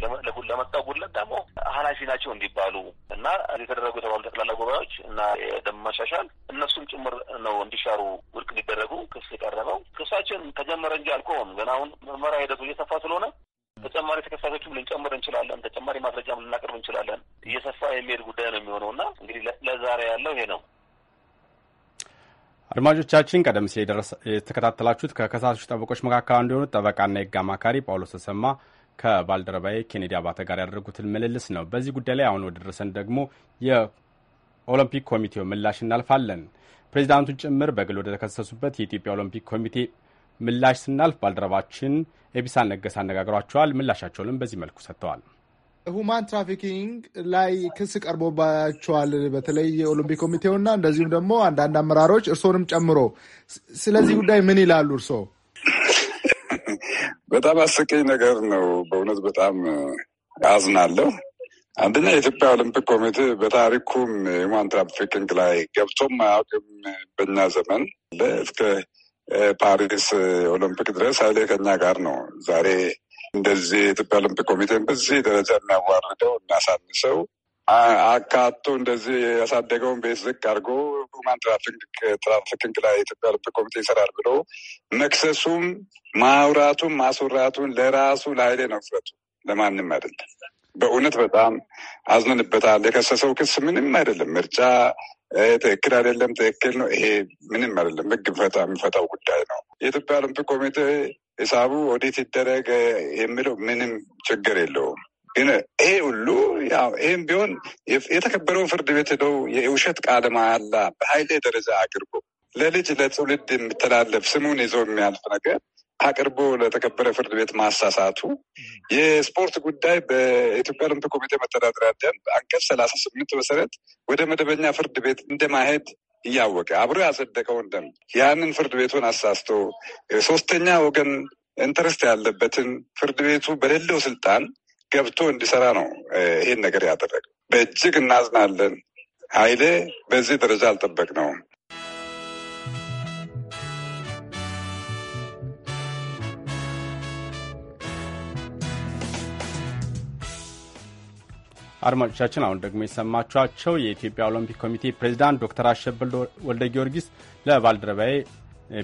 B: ለመጣው ጉድለት ደግሞ ኃላፊ ናቸው እንዲባሉ እና የተደረጉ የተባሉ ጠቅላላ ጉባኤዎች እና የደም መሻሻል እነሱም ጭምር ነው እንዲሻሩ ውድቅ እንዲደረጉ ክስ የቀረበው። ክሳችን ተጀመረ እንጂ አልቆም ገና አሁን ምርመራ ሂደቱ እየሰፋ ስለሆነ ተጨማሪ ተከሳሾችም ልንጨምር እንችላለን። ተጨማሪ ማስረጃም ልናቀርብ እንችላለን። እየሰፋ የሚሄድ ጉዳይ ነው የሚሆነው እና እንግዲህ ለዛሬ ያለው ይሄ ነው።
A: አድማጮቻችን ቀደም ሲል የተከታተላችሁት ከከሳሾች ጠበቆች መካከል አንዱ የሆኑት ጠበቃና የህግ አማካሪ ጳውሎስ ተሰማ ከባልደረባዬ ኬኔዲ አባተ ጋር ያደረጉትን ምልልስ ነው። በዚህ ጉዳይ ላይ አሁን ወደደረሰን ደግሞ የኦሎምፒክ ኮሚቴው ምላሽ እናልፋለን። ፕሬዚዳንቱን ጭምር በግል ወደ ተከሰሱበት የኢትዮጵያ ኦሎምፒክ ኮሚቴ ምላሽ ስናልፍ ባልደረባችን ኤቢሳን ነገስ አነጋግሯቸዋል። ምላሻቸውንም በዚህ መልኩ ሰጥተዋል። ሁማን ትራፊኪንግ
I: ላይ ክስ ቀርቦባቸዋል። በተለይ የኦሎምፒክ ኮሚቴውና እንደዚሁም ደግሞ አንዳንድ አመራሮች እርስዎንም ጨምሮ። ስለዚህ ጉዳይ ምን ይላሉ እርስዎ?
J: በጣም አስቂኝ ነገር ነው። በእውነት በጣም አዝናለሁ። አንደኛ የኢትዮጵያ ኦሎምፒክ ኮሚቴ በታሪኩም የሁማን ትራፊኪንግ ላይ ገብቶም አያውቅም። በኛ ዘመን እስከ ፓሪስ ኦሎምፒክ ድረስ ኃይሌ ከኛ ጋር ነው ዛሬ እንደዚህ የኢትዮጵያ ኦሎምፒክ ኮሚቴን በዚህ ደረጃ የሚያዋርደው እናሳንሰው አካቶ እንደዚህ ያሳደገውን ቤት ዝቅ አድርጎ ሁማን ትራፊኪንግ ላይ የኢትዮጵያ ኦሎምፒክ ኮሚቴ ይሰራል ብሎ መክሰሱም ማውራቱም ማስወራቱን ለራሱ ለኃይሌ ነው ፍረቱ፣ ለማንም አይደለም። በእውነት በጣም አዝነንበታል። የከሰሰው ክስ ምንም አይደለም። ምርጫ ትክክል አይደለም፣ ትክክል ነው፣ ይሄ ምንም አይደለም። ሕግ የሚፈታው ጉዳይ ነው። የኢትዮጵያ ኦሎምፒክ ኮሚቴ ሂሳቡ ወዴት ይደረግ የሚለው ምንም ችግር የለውም። ግን ይሄ ሁሉ ይህም ቢሆን የተከበረውን ፍርድ ቤት ሄደው የውሸት ቃለ መሃላ በሀይሌ ደረጃ አቅርቦ ለልጅ ለትውልድ የሚተላለፍ ስሙን ይዞ የሚያልፍ ነገር አቅርቦ ለተከበረ ፍርድ ቤት ማሳሳቱ የስፖርት ጉዳይ በኢትዮጵያ ኦሎምፒክ ኮሚቴ መተዳደሪያ ደንብ አንቀጽ ሰላሳ ስምንት መሰረት ወደ መደበኛ ፍርድ ቤት እንደማሄድ እያወቀ አብሮ ያጸደቀውን ደንብ ያንን ፍርድ ቤቱን አሳስቶ ሶስተኛ ወገን ኢንተረስት ያለበትን ፍርድ ቤቱ በሌለው ስልጣን ገብቶ እንዲሰራ ነው ይህን ነገር ያደረገው። በእጅግ እናዝናለን። ኃይሌ በዚህ ደረጃ አልጠበቅ ነው።
A: አድማጮቻችን አሁን ደግሞ የሰማችኋቸው የኢትዮጵያ ኦሎምፒክ ኮሚቴ ፕሬዚዳንት ዶክተር አሸብል ወልደ ጊዮርጊስ ለባልደረባዬ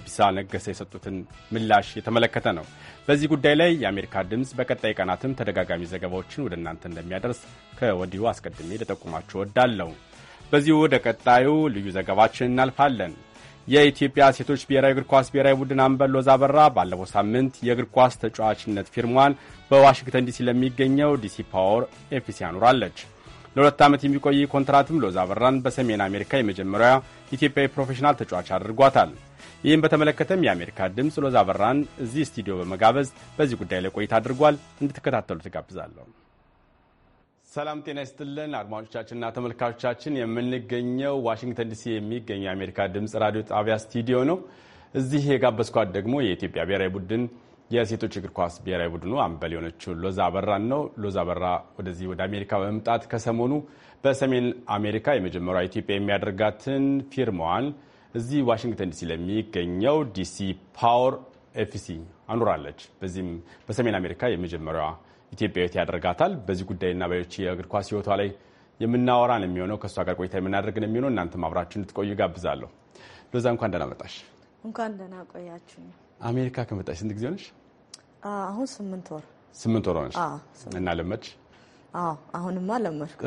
A: ቢሳ ነገሰ የሰጡትን ምላሽ የተመለከተ ነው። በዚህ ጉዳይ ላይ የአሜሪካ ድምፅ በቀጣይ ቀናትም ተደጋጋሚ ዘገባዎችን ወደ እናንተ እንደሚያደርስ ከወዲሁ አስቀድሜ ልጠቁማችሁ እወዳለሁ። በዚሁ ወደ ቀጣዩ ልዩ ዘገባችን እናልፋለን። የኢትዮጵያ ሴቶች ብሔራዊ እግር ኳስ ብሔራዊ ቡድን አምበል ሎዛ በራ ባለፈው ሳምንት የእግር ኳስ ተጫዋችነት ፊርሟን በዋሽንግተን ዲሲ ለሚገኘው ዲሲ ፓወር ኤፍሲ አኑራለች። ለሁለት ዓመት የሚቆይ ኮንትራትም ሎዛ በራን በሰሜን አሜሪካ የመጀመሪያ ኢትዮጵያዊ ፕሮፌሽናል ተጫዋች አድርጓታል። ይህም በተመለከተም የአሜሪካ ድምፅ ሎዛ በራን እዚህ ስቱዲዮ በመጋበዝ በዚህ ጉዳይ ላይ ቆይታ አድርጓል። እንድትከታተሉ ትጋብዛለሁ። ሰላም ጤና ይስጥልን አድማጮቻችንና ተመልካቾቻችን፣ የምንገኘው ዋሽንግተን ዲሲ የሚገኘው የአሜሪካ ድምፅ ራዲዮ ጣቢያ ስቱዲዮ ነው። እዚህ የጋበዝኳት ደግሞ የኢትዮጵያ ብሔራዊ ቡድን የሴቶች እግር ኳስ ብሔራዊ ቡድኑ አምበል የሆነችው ሎዛ አበራን ነው። ሎዛ አበራ ወደዚህ ወደ አሜሪካ በመምጣት ከሰሞኑ በሰሜን አሜሪካ የመጀመሪያ ኢትዮጵያ የሚያደርጋትን ፊርማዋን እዚህ ዋሽንግተን ዲሲ ለሚገኘው ዲሲ ፓወር ኤፍሲ አኑራለች። በዚህም በሰሜን አሜሪካ የመጀመሪያዋ ኢትዮጵያዊት ያደርጋታል። በዚህ ጉዳይና በሌሎች የእግር ኳስ ህይወቷ ላይ የምናወራ ነው የሚሆነው። ከእሷ ጋር ቆይታ የምናደርግ ነው የሚሆነው። እናንተም አብራችሁ እንድትቆዩ ጋብዛለሁ። ሎዛ እንኳን ደህና መጣሽ።
K: እንኳን ደህና ቆያችሁ።
A: አሜሪካ ከመጣሽ ስንት ጊዜ ሆነሽ?
K: አሁን ስምንት ወር
A: ስምንት ወር ሆነሽ እና ለመድሽ?
K: አዎ አሁንማ ለመድኩ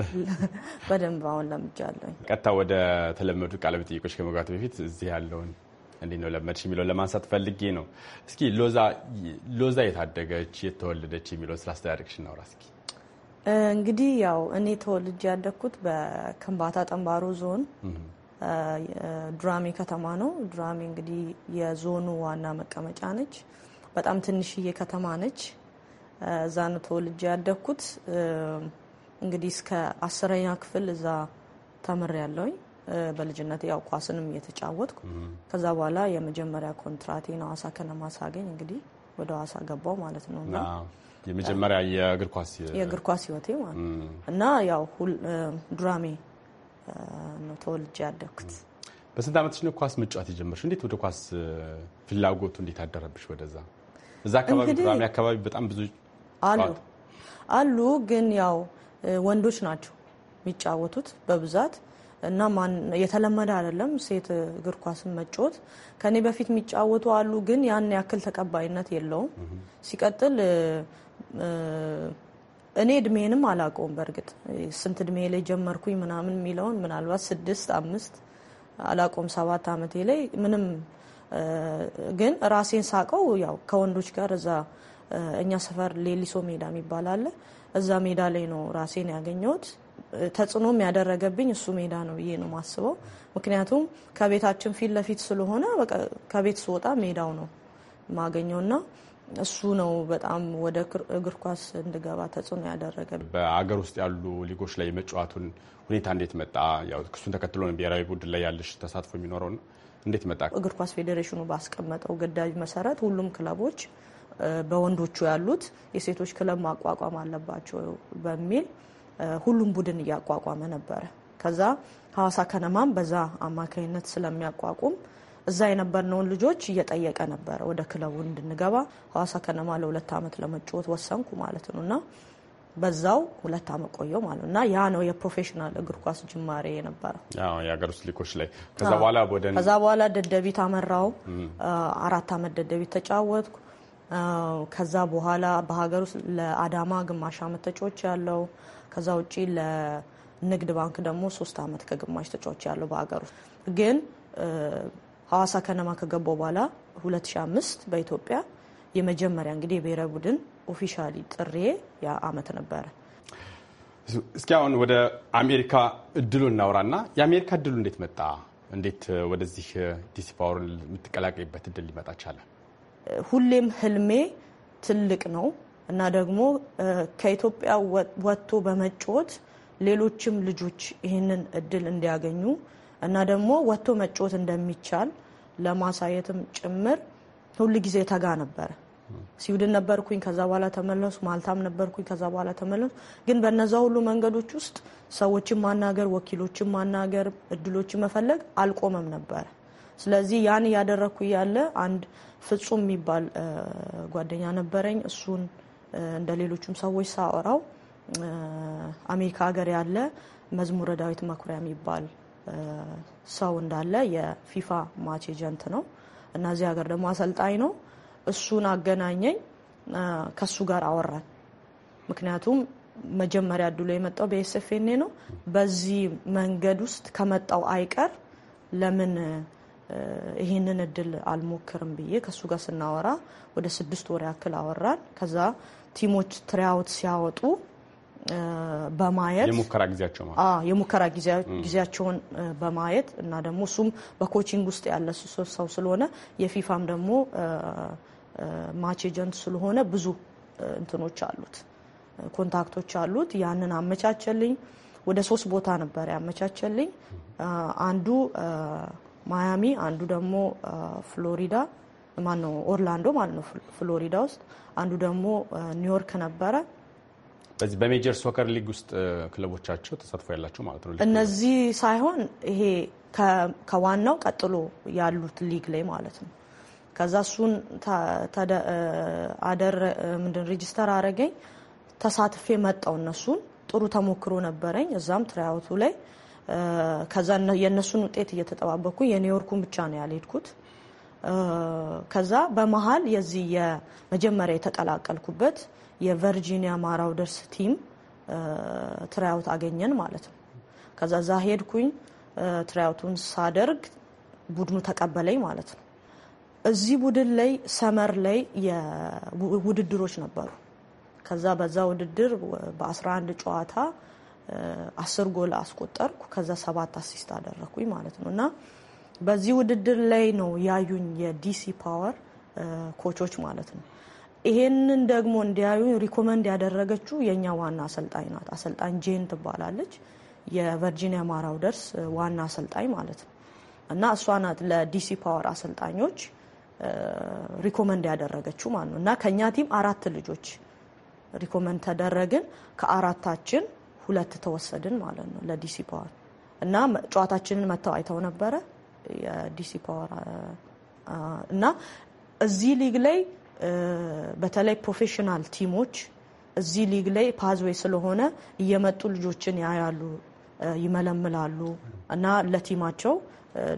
K: በደንብ አሁን ለምጃለሁ።
A: ቀጥታ ወደ ተለመዱ ቃለ መጠይቆች ከመግባት በፊት እዚህ ያለውን እንዴት ነው ለመድሽ የሚለውን ለማንሳት ፈልጌ ነው። እስኪ ሎዛ የታደገች የተወለደች የሚለውን ስለ አስተዳደግሽ እናውራ እስኪ።
K: እንግዲህ ያው እኔ ተወልጄ ያደግኩት በከምባታ ጠንባሮ ዞን ዱራሜ ከተማ ነው። ዱራሜ እንግዲህ የዞኑ ዋና መቀመጫ ነች። በጣም ትንሽዬ ከተማ ነች። እዛ ነው ተወልጄ ያደግኩት። እንግዲህ እስከ አስረኛ ክፍል እዛ ተምሬያለሁኝ። በልጅነት ያው ኳስንም እየተጫወትኩ ከዛ በኋላ የመጀመሪያ ኮንትራቴን ሐዋሳ ከነማ ሳገኝ እንግዲህ ወደ ሐዋሳ ገባው ማለት ነው እና
A: የመጀመሪያ የእግር ኳስ የእግር
K: ኳስ ህይወቴ ማለት ነው እና ያው ሁል ዱራሜ ነው ተወልጄ ያደግኩት።
A: በስንት ዓመትሽ ነው ኳስ መጫወት የጀመርሽ? እንዴት ወደ ኳስ ፍላጎቱ እንዴት አደረብሽ? ወደዛ እዛ አካባቢ ዱራሜ አካባቢ በጣም ብዙ
K: አሉ አሉ፣ ግን ያው ወንዶች ናቸው የሚጫወቱት በብዛት እና የተለመደ አይደለም ሴት እግር ኳስን መጫወት። ከኔ በፊት የሚጫወቱ አሉ፣ ግን ያን ያክል ተቀባይነት የለውም። ሲቀጥል እኔ እድሜንም አላውቀውም። በእርግጥ ስንት እድሜ ላይ ጀመርኩኝ ምናምን የሚለውን ምናልባት ስድስት አምስት አላውቀውም፣ ሰባት ዓመቴ ላይ ምንም ግን ራሴን ሳቀው ያው ከወንዶች ጋር እዛ እኛ ሰፈር ሌሊሶ ሜዳ የሚባል አለ። እዛ ሜዳ ላይ ነው ራሴን ያገኘሁት። ተጽዕኖም ያደረገብኝ እሱ ሜዳ ነው ብዬ ነው ማስበው። ምክንያቱም ከቤታችን ፊት ለፊት ስለሆነ ከቤት ስወጣ ሜዳው ነው ማገኘውና እሱ ነው በጣም ወደ እግር ኳስ እንድገባ ተጽዕኖ ያደረገብኝ።
A: በአገር ውስጥ ያሉ ሊጎች ላይ የመጫወቱን ሁኔታ እንዴት መጣ? እሱን ተከትሎ ብሔራዊ ቡድን ላይ ያለሽ ተሳትፎ የሚኖረው እንዴት መጣ?
K: እግር ኳስ ፌዴሬሽኑ ባስቀመጠው ግዳጅ መሰረት ሁሉም ክለቦች በወንዶቹ ያሉት የሴቶች ክለብ ማቋቋም አለባቸው በሚል ሁሉም ቡድን እያቋቋመ ነበረ። ከዛ ሀዋሳ ከነማም በዛ አማካኝነት ስለሚያቋቁም እዛ የነበርነውን ልጆች እየጠየቀ ነበረ ወደ ክለቡ እንድንገባ። ሀዋሳ ከነማ ለሁለት ዓመት ለመጫወት ወሰንኩ ማለት ነው እና በዛው ሁለት ዓመት ቆየው ማለት እና ያ ነው የፕሮፌሽናል እግር ኳስ ጅማሬ የነበረው
A: የሀገር ውስጥ ሊኮች ላይ። ከዛ
K: በኋላ ደደቢት አመራው። አራት ዓመት ደደቢት ተጫወትኩ። ከዛ በኋላ በሀገር ውስጥ ለአዳማ ግማሽ አመት ተጫዎች ያለው ከዛ ውጪ ለንግድ ባንክ ደግሞ ሶስት ዓመት ከግማሽ ተጫዎች ያለው በሀገር ውስጥ ግን ሀዋሳ ከነማ ከገባው በኋላ 2005 በኢትዮጵያ የመጀመሪያ እንግዲህ የብሔረ ቡድን ኦፊሻሊ ጥሬ የአመት አመት ነበረ።
A: እስኪ አሁን ወደ አሜሪካ እድሉ እናውራና የአሜሪካ እድሉ እንዴት መጣ? እንዴት ወደዚህ ዲሲ የምትቀላቀይበት እድል ሊመጣ ቻለ?
K: ሁሌም ህልሜ ትልቅ ነው እና ደግሞ ከኢትዮጵያ ወጥቶ በመጫወት ሌሎችም ልጆች ይህንን እድል እንዲያገኙ እና ደግሞ ወጥቶ መጫወት እንደሚቻል ለማሳየትም ጭምር ሁል ጊዜ ተጋ ነበረ። ስዊድን ነበርኩኝ፣ ከዛ በኋላ ተመለሱ። ማልታም ነበርኩኝ፣ ከዛ በኋላ ተመለሱ። ግን በነዛ ሁሉ መንገዶች ውስጥ ሰዎችን ማናገር፣ ወኪሎችን ማናገር፣ እድሎችን መፈለግ አልቆመም ነበረ። ስለዚህ ያን እያደረግኩ እያለ አንድ ፍጹም የሚባል ጓደኛ ነበረኝ። እሱን እንደ ሌሎቹም ሰዎች ሳወራው አሜሪካ ሀገር ያለ መዝሙረ ዳዊት መኩሪያ የሚባል ሰው እንዳለ የፊፋ ማች ኤጀንት ነው እና እዚህ ሀገር ደግሞ አሰልጣኝ ነው። እሱን አገናኘኝ፣ ከሱ ጋር አወራን። ምክንያቱም መጀመሪያ እድሎ የመጣው በኤስፍኔ ነው። በዚህ መንገድ ውስጥ ከመጣው አይቀር ለምን ይህንን እድል አልሞክርም ብዬ ከእሱ ጋር ስናወራ ወደ ስድስት ወር ያክል አወራን። ከዛ ቲሞች ትሪያውት ሲያወጡ በማየት የሙከራ ጊዜያቸውን በማየት እና ደግሞ እሱም በኮቺንግ ውስጥ ያለ ሰው ስለሆነ የፊፋም ደግሞ ማች ኤጀንት ስለሆነ ብዙ እንትኖች አሉት፣ ኮንታክቶች አሉት። ያንን አመቻቸልኝ። ወደ ሶስት ቦታ ነበር ያመቻቸልኝ አንዱ ማያሚ፣ አንዱ ደግሞ ፍሎሪዳ ማነው ኦርላንዶ ማለት ነው ፍሎሪዳ ውስጥ፣ አንዱ ደግሞ ኒውዮርክ ነበረ።
A: በዚህ በሜጀር ሶከር ሊግ ውስጥ ክለቦቻቸው ተሳትፎ ያላቸው ማለት ነው። እነዚህ
K: ሳይሆን ይሄ ከዋናው ቀጥሎ ያሉት ሊግ ላይ ማለት ነው። ከዛ እሱን አደር ምንድን ሬጂስተር አረገኝ ተሳትፌ መጣው። እነሱን ጥሩ ተሞክሮ ነበረኝ። እዛም ትራያውቱ ላይ ከዛ የእነሱን ውጤት እየተጠባበኩ የኒውዮርኩን ብቻ ነው ያልሄድኩት። ከዛ በመሀል የዚህ የመጀመሪያ የተቀላቀልኩበት የቨርጂኒያ ማራውደርስ ቲም ትራያውት አገኘን ማለት ነው። ከዛ ዛ ሄድኩኝ። ትራያውቱን ሳደርግ ቡድኑ ተቀበለኝ ማለት ነው። እዚህ ቡድን ላይ ሰመር ላይ ውድድሮች ነበሩ። ከዛ በዛ ውድድር በ11 ጨዋታ አስር ጎል አስቆጠርኩ። ከዛ ሰባት አሲስት አደረግኩኝ ማለት ነው እና በዚህ ውድድር ላይ ነው ያዩኝ የዲሲ ፓወር ኮቾች ማለት ነው። ይሄንን ደግሞ እንዲያዩኝ ሪኮመንድ ያደረገችው የእኛ ዋና አሰልጣኝ ናት። አሰልጣኝ ጄን ትባላለች። የቨርጂኒያ ማራውደርስ ዋና አሰልጣኝ ማለት ነው እና እሷ ናት ለዲሲ ፓወር አሰልጣኞች ሪኮመንድ ያደረገችው ማለት ነው እና ከእኛ ቲም አራት ልጆች ሪኮመንድ ተደረግን ከአራታችን ሁለት ተወሰድን ማለት ነው ለዲሲ ፓወር እና ጨዋታችንን መጥተው አይተው ነበረ የዲሲ ፓወር እና እዚህ ሊግ ላይ በተለይ ፕሮፌሽናል ቲሞች እዚህ ሊግ ላይ ፓዝዌይ ስለሆነ እየመጡ ልጆችን ያያሉ፣ ይመለምላሉ እና ለቲማቸው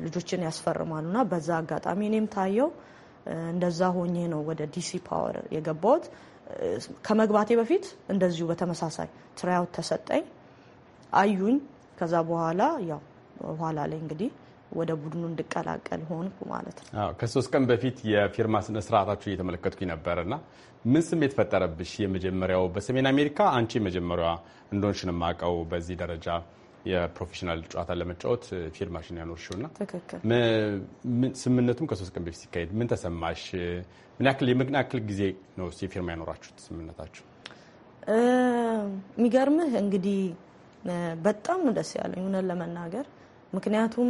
K: ልጆችን ያስፈርማሉ እና በዛ አጋጣሚ እኔም ታየው እንደዛ ሆኜ ነው ወደ ዲሲ ፓወር የገባሁት። ከመግባቴ በፊት እንደዚሁ በተመሳሳይ ትራያውት ተሰጠኝ፣ አዩኝ። ከዛ በኋላ ያው በኋላ ላይ እንግዲህ ወደ ቡድኑ እንድቀላቀል ሆንኩ ማለት
A: ነው። ከሶስት ቀን በፊት የፊርማ ስነ ስርዓታችሁ እየተመለከትኩኝ ነበር እና ምን ስሜት ፈጠረብሽ? የመጀመሪያው በሰሜን አሜሪካ አንቺ የመጀመሪያዋ እንደሆንሽ ነው የማውቀው በዚህ ደረጃ የፕሮፌሽናል ጨዋታን ለመጫወት ፊርማሽን ያኖርሽው እና ስምምነቱም ከሶስት ቀን በፊት ሲካሄድ ምን ተሰማሽ? ምን ያክል የምን ያክል ጊዜ ነው የፊርማ ያኖራችሁት ስምምነታችሁ?
K: የሚገርምህ እንግዲህ በጣም ነው ደስ ያለኝ እውነት ለመናገር ምክንያቱም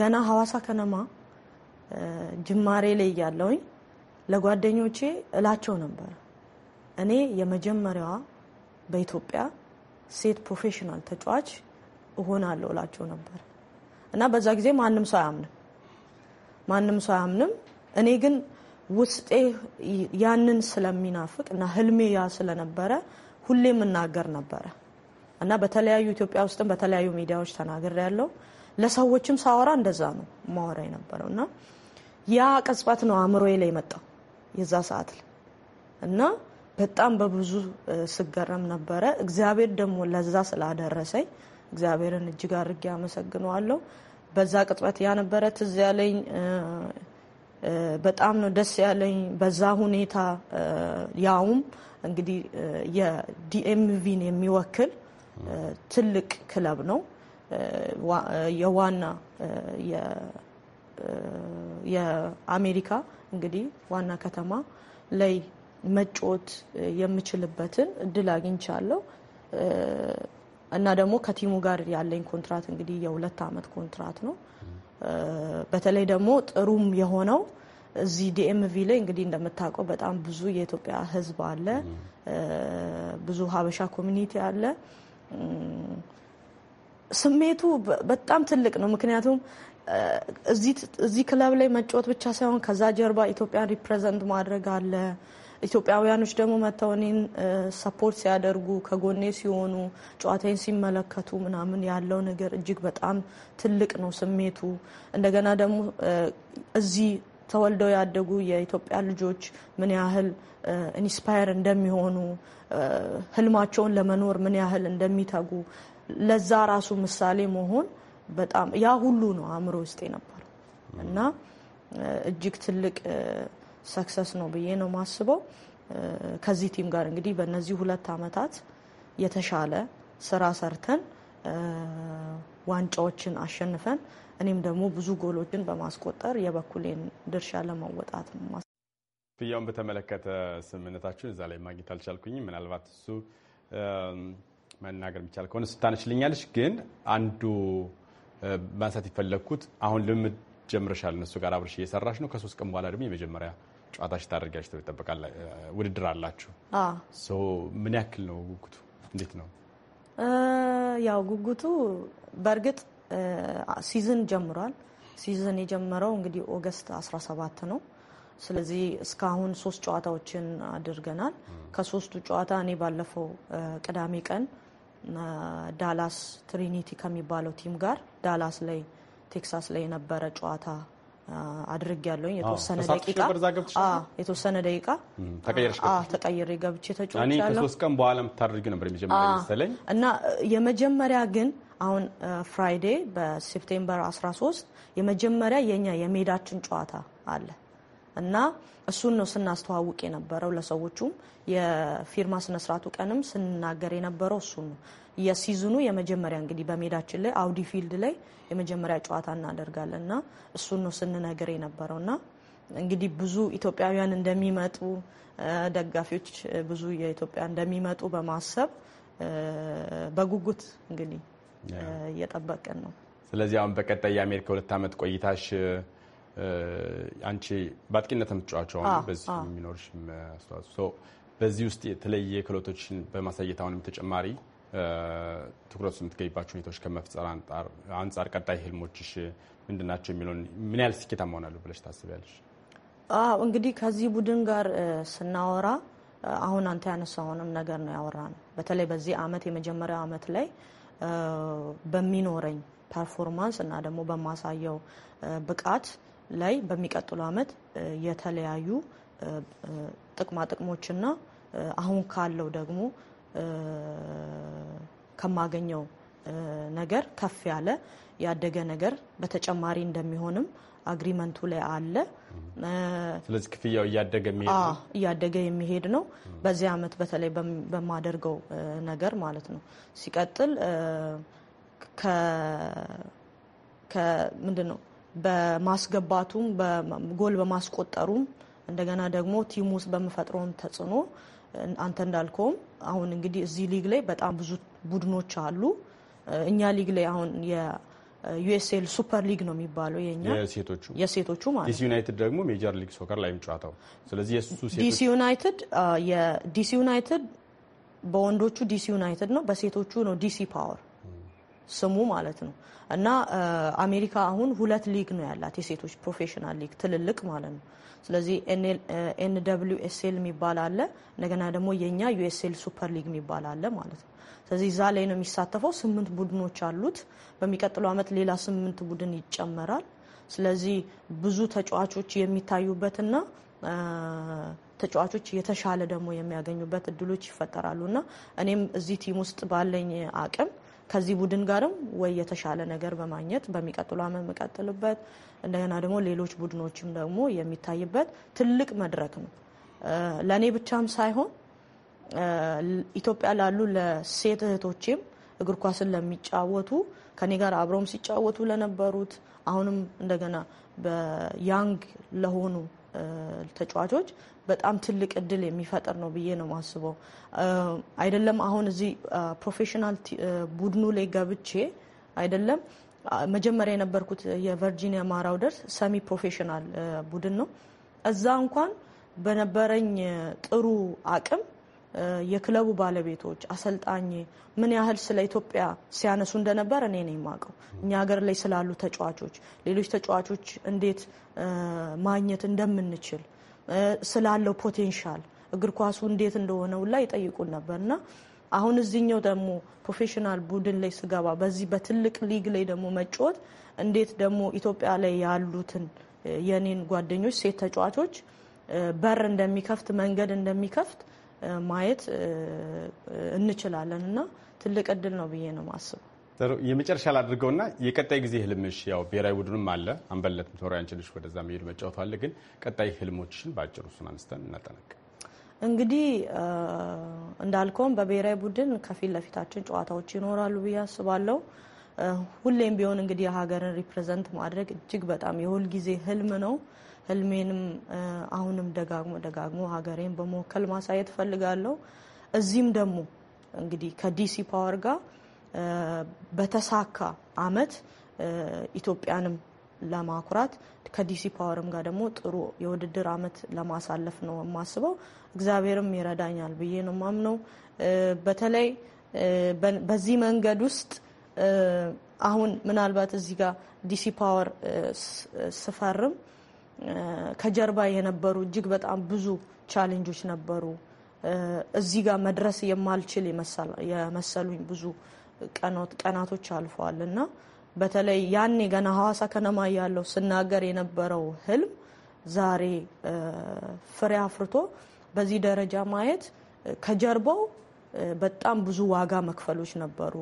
K: ገና ሀዋሳ ከነማ ጅማሬ ላይ እያለውኝ ለጓደኞቼ እላቸው ነበር እኔ የመጀመሪያዋ በኢትዮጵያ ሴት ፕሮፌሽናል ተጫዋች እሆናለሁ እላቸው ነበር እና በዛ ጊዜ ማንም ሰው አያምንም፣ ማንም ሰው አያምንም። እኔ ግን ውስጤ ያንን ስለሚናፍቅ እና ህልሜ ያ ስለነበረ ሁሌ የምናገር ነበረ እና በተለያዩ ኢትዮጵያ ውስጥም በተለያዩ ሚዲያዎች ተናግሬ ያለው ለሰዎችም ሳወራ እንደዛ ነው ማወራ የነበረው እና ያ ቅጽበት ነው አእምሮዬ ላይ መጣው የዛ ሰዓት ላይ እና በጣም በብዙ ስገረም ነበረ። እግዚአብሔር ደግሞ ለዛ ስላደረሰኝ እግዚአብሔርን እጅግ አድርጌ አመሰግነዋለሁ። በዛ ቅጽበት ያነበረ ትዝ ያለኝ በጣም ነው ደስ ያለኝ። በዛ ሁኔታ ያውም እንግዲህ የዲኤምቪን የሚወክል ትልቅ ክለብ ነው። የዋና የአሜሪካ እንግዲህ ዋና ከተማ ላይ መጫወት የምችልበትን እድል አግኝቻለሁ። እና ደግሞ ከቲሙ ጋር ያለኝ ኮንትራት እንግዲህ የሁለት ዓመት ኮንትራት ነው። በተለይ ደግሞ ጥሩም የሆነው እዚህ ዲኤምቪ ላይ እንግዲህ እንደምታውቀው በጣም ብዙ የኢትዮጵያ ሕዝብ አለ፣ ብዙ ሀበሻ ኮሚኒቲ አለ። ስሜቱ በጣም ትልቅ ነው። ምክንያቱም እዚህ ክለብ ላይ መጫወት ብቻ ሳይሆን ከዛ ጀርባ ኢትዮጵያን ሪፕሬዘንት ማድረግ አለ ኢትዮጵያውያኖች ደግሞ መጥተው እኔን ሰፖርት ሲያደርጉ ከጎኔ ሲሆኑ ጨዋታዬን ሲመለከቱ ምናምን ያለው ነገር እጅግ በጣም ትልቅ ነው ስሜቱ። እንደገና ደግሞ እዚህ ተወልደው ያደጉ የኢትዮጵያ ልጆች ምን ያህል ኢንስፓየር እንደሚሆኑ ህልማቸውን ለመኖር ምን ያህል እንደሚተጉ ለዛ ራሱ ምሳሌ መሆን በጣም ያ ሁሉ ነው አእምሮ ውስጥ የነበረው እና እጅግ ትልቅ ሰክሰስ ነው ብዬ ነው ማስበው ከዚህ ቲም ጋር እንግዲህ በእነዚህ ሁለት አመታት የተሻለ ስራ ሰርተን ዋንጫዎችን አሸንፈን እኔም ደግሞ ብዙ ጎሎችን በማስቆጠር የበኩሌን ድርሻ ለመወጣት ነው።
A: ክፍያውን በተመለከተ ስምምነታችሁን እዛ ላይ ማግኘት አልቻልኩኝም። ምናልባት እሱ መናገር የሚቻል ከሆነ ስታነችልኛለች። ግን አንዱ ማንሳት የፈለግኩት አሁን ልምድ ጀምረሻል፣ እነሱ ጋር አብረሽ እየሰራሽ ነው። ከሶስት ቀን በኋላ ደግሞ የመጀመሪያ ጨዋታች ታደርጋችሁ ይጠበቃል። ውድድር አላችሁ። ምን ያክል ነው ጉጉቱ? እንዴት ነው
K: ያው ጉጉቱ? በእርግጥ ሲዝን ጀምሯል። ሲዝን የጀመረው እንግዲህ ኦገስት 17 ነው። ስለዚህ እስካሁን ሶስት ጨዋታዎችን አድርገናል። ከሶስቱ ጨዋታ እኔ ባለፈው ቅዳሜ ቀን ዳላስ ትሪኒቲ ከሚባለው ቲም ጋር ዳላስ ላይ ቴክሳስ ላይ የነበረ ጨዋታ አድርግ ያለኝ የተወሰነ ደቂቃ የተወሰነ ደቂቃ ተቀይሬ ገብቼ ተጫውቻለሁ። ከሶስት
A: ቀን በኋላ የምታደርጊ ነበር የመጀመሪያ መሰለኝ
K: እና የመጀመሪያ ግን አሁን ፍራይዴ በሴፕቴምበር 13 የመጀመሪያ የኛ የሜዳችን ጨዋታ አለ እና እሱን ነው ስናስተዋውቅ የነበረው ለሰዎቹም የፊርማ ስነስርዓቱ ቀንም ስንናገር የነበረው እሱን ነው። የሲዝኑ የመጀመሪያ እንግዲህ በሜዳችን ላይ አውዲ ፊልድ ላይ የመጀመሪያ ጨዋታ እናደርጋለን እና እሱን ነው ስንነግር የነበረው እና እንግዲህ ብዙ ኢትዮጵያውያን እንደሚመጡ ደጋፊዎች ብዙ የኢትዮጵያ እንደሚመጡ በማሰብ በጉጉት እንግዲህ እየጠበቅን ነው።
A: ስለዚህ አሁን በቀጣይ የአሜሪካ ሁለት ዓመት ቆይታሽ አንቺ በአጥቂነት የምትጫዋቸው አሁን በዚህ የሚኖርሽ አስተዋጽኦ በዚህ ውስጥ የተለየ ክህሎቶችን በማሳየት አሁንም ተጨማሪ ትኩረት የምትገኝባቸው ሁኔታዎች ከመፍጠር አንጻር ቀጣይ ህልሞችሽ ምንድን ናቸው የሚለውን ምን ያህል ስኬታማ ሆናለሁ ብለሽ ታስቢያለሽ?
K: አዎ እንግዲህ ከዚህ ቡድን ጋር ስናወራ አሁን አንተ ያነሳውንም ነገር ነው ያወራ ነው። በተለይ በዚህ አመት የመጀመሪያው አመት ላይ በሚኖረኝ ፐርፎርማንስ እና ደግሞ በማሳየው ብቃት ላይ በሚቀጥለው ዓመት የተለያዩ ጥቅማጥቅሞች ጥቅሞችና አሁን ካለው ደግሞ ከማገኘው ነገር ከፍ ያለ ያደገ ነገር በተጨማሪ እንደሚሆንም አግሪመንቱ ላይ አለ።
A: ስለዚህ ክፍያው እያደገ የሚሄድ ነው
K: እያደገ የሚሄድ ነው በዚህ ዓመት በተለይ በማደርገው ነገር ማለት ነው። ሲቀጥል ምንድን ነው በማስገባቱም ጎል በማስቆጠሩም እንደገና ደግሞ ቲም ውስጥ በሚፈጥረውም ተጽዕኖ አንተ እንዳልከውም አሁን እንግዲህ እዚህ ሊግ ላይ በጣም ብዙ ቡድኖች አሉ። እኛ ሊግ ላይ አሁን ዩኤስኤል ሱፐር ሊግ ነው የሚባለው የኛ የሴቶቹ ማለት ዲሲ
A: ዩናይትድ ደግሞ ሜጀር ሊግ ሶከር ላይም ጨዋታው ስለዚህ የሱ ዲሲ
K: ዩናይትድ የዲሲ ዩናይትድ በወንዶቹ ዲሲ ዩናይትድ ነው፣ በሴቶቹ ነው ዲሲ ፓወር ስሙ ማለት ነው። እና አሜሪካ አሁን ሁለት ሊግ ነው ያላት የሴቶች ፕሮፌሽናል ሊግ ትልልቅ ማለት ነው። ስለዚህ ኤን ደብሊው ኤስ ኤል የሚባል አለ፣ እንደገና ደግሞ የእኛ ዩኤስኤል ሱፐር ሊግ የሚባል አለ ማለት ነው። ስለዚህ እዛ ላይ ነው የሚሳተፈው። ስምንት ቡድኖች አሉት። በሚቀጥለው ዓመት ሌላ ስምንት ቡድን ይጨመራል። ስለዚህ ብዙ ተጫዋቾች የሚታዩበትና ተጫዋቾች የተሻለ ደግሞ የሚያገኙበት እድሎች ይፈጠራሉ እና እኔም እዚህ ቲም ውስጥ ባለኝ አቅም ከዚህ ቡድን ጋርም ወይ የተሻለ ነገር በማግኘት በሚቀጥሉ አመት የምቀጥልበት እንደገና ደግሞ ሌሎች ቡድኖችም ደግሞ የሚታይበት ትልቅ መድረክ ነው። ለእኔ ብቻም ሳይሆን ኢትዮጵያ ላሉ ለሴት እህቶቼም እግር ኳስን ለሚጫወቱ ከኔ ጋር አብረውም ሲጫወቱ ለነበሩት አሁንም እንደገና በያንግ ለሆኑ ተጫዋቾች በጣም ትልቅ እድል የሚፈጥር ነው ብዬ ነው ማስበው። አይደለም አሁን እዚህ ፕሮፌሽናል ቡድኑ ላይ ገብቼ አይደለም መጀመሪያ የነበርኩት የቨርጂኒያ ማራውደርስ ሰሚ ፕሮፌሽናል ቡድን ነው። እዛ እንኳን በነበረኝ ጥሩ አቅም የክለቡ ባለቤቶች፣ አሰልጣኝ ምን ያህል ስለ ኢትዮጵያ ሲያነሱ እንደነበር እኔ ነው የማውቀው። እኛ ሀገር ላይ ስላሉ ተጫዋቾች፣ ሌሎች ተጫዋቾች እንዴት ማግኘት እንደምንችል ስላለው ፖቴንሻል እግር ኳሱ እንዴት እንደሆነ ሁላ ይጠይቁን ነበር እና አሁን እዚህኛው ደግሞ ፕሮፌሽናል ቡድን ላይ ስገባ በዚህ በትልቅ ሊግ ላይ ደግሞ መጫወት እንዴት ደግሞ ኢትዮጵያ ላይ ያሉትን የኔን ጓደኞች ሴት ተጫዋቾች በር እንደሚከፍት መንገድ እንደሚከፍት ማየት እንችላለን እና ትልቅ እድል ነው ብዬ ነው ማስብ።
A: የመጨረሻ ላድርገውና የቀጣይ ጊዜ ህልምሽ ያው ብሔራዊ ቡድንም አለ አንበለት ምትኖሪ አንችልሽ ወደዛ መሄድ መጫወቱ አለ። ግን ቀጣይ ህልሞችሽን በአጭሩ እሱን አንስተን እናጠናቅ።
K: እንግዲህ እንዳልከውም በብሔራዊ ቡድን ከፊት ለፊታችን ጨዋታዎች ይኖራሉ ብዬ አስባለሁ። ሁሌም ቢሆን እንግዲህ የሀገርን ሪፕሬዘንት ማድረግ እጅግ በጣም የሁልጊዜ ህልም ነው። ህልሜንም አሁንም ደጋግሞ ደጋግሞ ሀገሬን በመወከል ማሳየት እፈልጋለሁ። እዚህም ደግሞ እንግዲህ ከዲሲ ፓወር ጋር በተሳካ አመት ኢትዮጵያንም ለማኩራት ከዲሲ ፓወርም ጋር ደግሞ ጥሩ የውድድር አመት ለማሳለፍ ነው የማስበው። እግዚአብሔርም ይረዳኛል ብዬ ነው ማምነው። በተለይ በዚህ መንገድ ውስጥ አሁን ምናልባት እዚህ ጋር ዲሲ ፓወር ስፈርም ከጀርባ የነበሩ እጅግ በጣም ብዙ ቻሌንጆች ነበሩ። እዚህ ጋር መድረስ የማልችል የመሰሉኝ ብዙ ቀናቶች አልፈዋል እና በተለይ ያኔ ገና ሀዋሳ ከነማ ያለው ስናገር የነበረው ህልም ዛሬ ፍሬ አፍርቶ በዚህ ደረጃ ማየት ከጀርባው በጣም ብዙ ዋጋ መክፈሎች ነበሩ።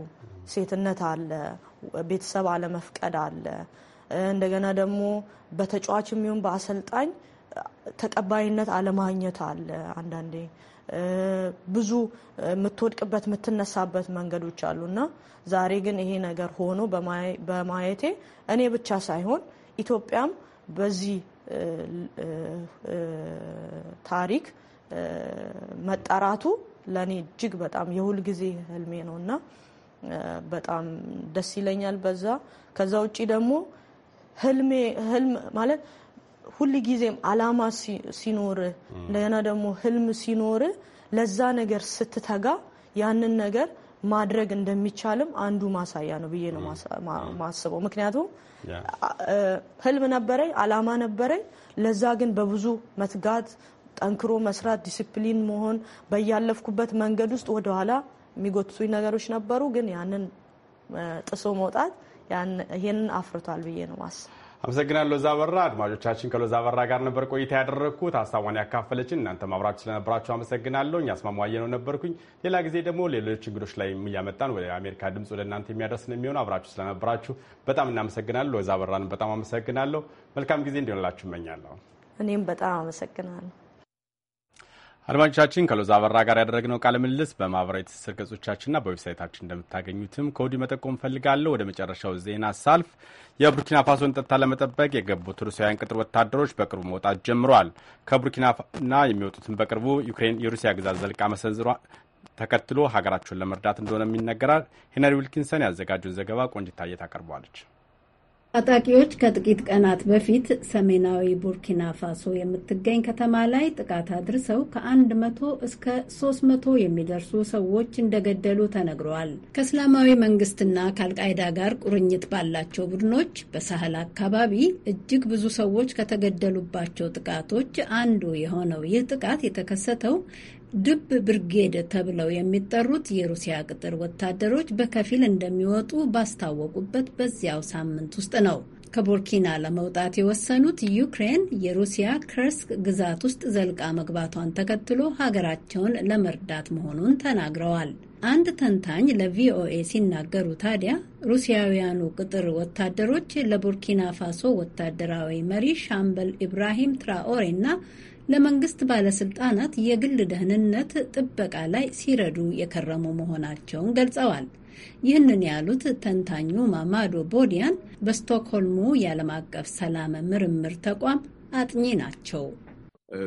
K: ሴትነት አለ፣ ቤተሰብ አለመፍቀድ አለ እንደገና ደግሞ በተጫዋች የሚሆን በአሰልጣኝ ተቀባይነት አለማግኘት አለ። አንዳንዴ ብዙ የምትወድቅበት የምትነሳበት መንገዶች እና ዛሬ ግን ይሄ ነገር ሆኖ በማየቴ እኔ ብቻ ሳይሆን ኢትዮጵያም በዚህ ታሪክ መጠራቱ ለእኔ እጅግ በጣም የሁልጊዜ ህልሜ ነው እና በጣም ደስ ይለኛል በዛ ከዛ ውጭ ደግሞ ህልሜ ህልም ማለት ሁል ጊዜም አላማ ሲኖር እንደገና ደግሞ ህልም ሲኖር ለዛ ነገር ስትተጋ ያንን ነገር ማድረግ እንደሚቻልም አንዱ ማሳያ ነው ብዬ ነው ማስበው። ምክንያቱም ህልም ነበረኝ፣ አላማ ነበረኝ። ለዛ ግን በብዙ መትጋት፣ ጠንክሮ መስራት፣ ዲሲፕሊን መሆን፣ በያለፍኩበት መንገድ ውስጥ ወደኋላ የሚጎትቱኝ ነገሮች ነበሩ። ግን ያንን ጥሶ መውጣት ይህንን አፍርቷል ብዬ ነው ማስ
A: አመሰግናለሁ ሎዛ በራ አድማጮቻችን ከሎዛ በራ ጋር ነበር ቆይታ ያደረግኩት፣ ሀሳቧን ያካፈለችን። እናንተ ማብራችሁ ስለነበራችሁ አመሰግናለሁ። እኛ አስማማየ ነው ነበርኩኝ። ሌላ ጊዜ ደግሞ ሌሎች እንግዶች ላይ እያመጣን ወደ አሜሪካ ድምፅ ወደ እናንተ የሚያደርስ ነው የሚሆነው። አብራችሁ ስለነበራችሁ በጣም እናመሰግናለሁ። ሎዛ አበራን በጣም አመሰግናለሁ። መልካም ጊዜ እንዲሆንላችሁ እመኛለሁ።
K: እኔም በጣም አመሰግናለሁ።
A: አድማጮቻችን ከሎዛ አበራ ጋር ያደረግነው ቃለ ምልልስ በማህበራዊ ትስስር ገጾቻችንና በዌብሳይታችን እንደምታገኙትም ከወዲሁ መጠቆም ፈልጋለሁ። ወደ መጨረሻው ዜና ሳልፍ የቡርኪና ፋሶን ጸጥታ ለመጠበቅ የገቡት ሩሲያውያን ቅጥር ወታደሮች በቅርቡ መውጣት ጀምረዋል። ከቡርኪናና የሚወጡትን በቅርቡ ዩክሬን የሩሲያ ግዛት ዘልቃ መሰንዝሯ ተከትሎ ሀገራቸውን ለመርዳት እንደሆነም ይነገራል። ሄነሪ ዊልኪንሰን ያዘጋጀው ዘገባ ቆንጅታየት አቀርበዋለች።
L: ታጣቂዎች ከጥቂት ቀናት በፊት ሰሜናዊ ቡርኪና ፋሶ የምትገኝ ከተማ ላይ ጥቃት አድርሰው ከ100 እስከ 300 የሚደርሱ ሰዎች እንደገደሉ ተነግረዋል። ከእስላማዊ መንግስትና ከአልቃይዳ ጋር ቁርኝት ባላቸው ቡድኖች በሳህል አካባቢ እጅግ ብዙ ሰዎች ከተገደሉባቸው ጥቃቶች አንዱ የሆነው ይህ ጥቃት የተከሰተው ድብ ብርጌድ ተብለው የሚጠሩት የሩሲያ ቅጥር ወታደሮች በከፊል እንደሚወጡ ባስታወቁበት በዚያው ሳምንት ውስጥ ነው ከቡርኪና ለመውጣት የወሰኑት። ዩክሬን የሩሲያ ከርስክ ግዛት ውስጥ ዘልቃ መግባቷን ተከትሎ ሀገራቸውን ለመርዳት መሆኑን ተናግረዋል። አንድ ተንታኝ ለቪኦኤ ሲናገሩ ታዲያ ሩሲያውያኑ ቅጥር ወታደሮች ለቡርኪና ፋሶ ወታደራዊ መሪ ሻምበል ኢብራሂም ትራኦሬ እና ለመንግስት ባለስልጣናት የግል ደህንነት ጥበቃ ላይ ሲረዱ የከረሙ መሆናቸውን ገልጸዋል። ይህንን ያሉት ተንታኙ ማማዶ ቦዲያን በስቶክሆልሙ የዓለም አቀፍ ሰላም ምርምር ተቋም አጥኚ ናቸው።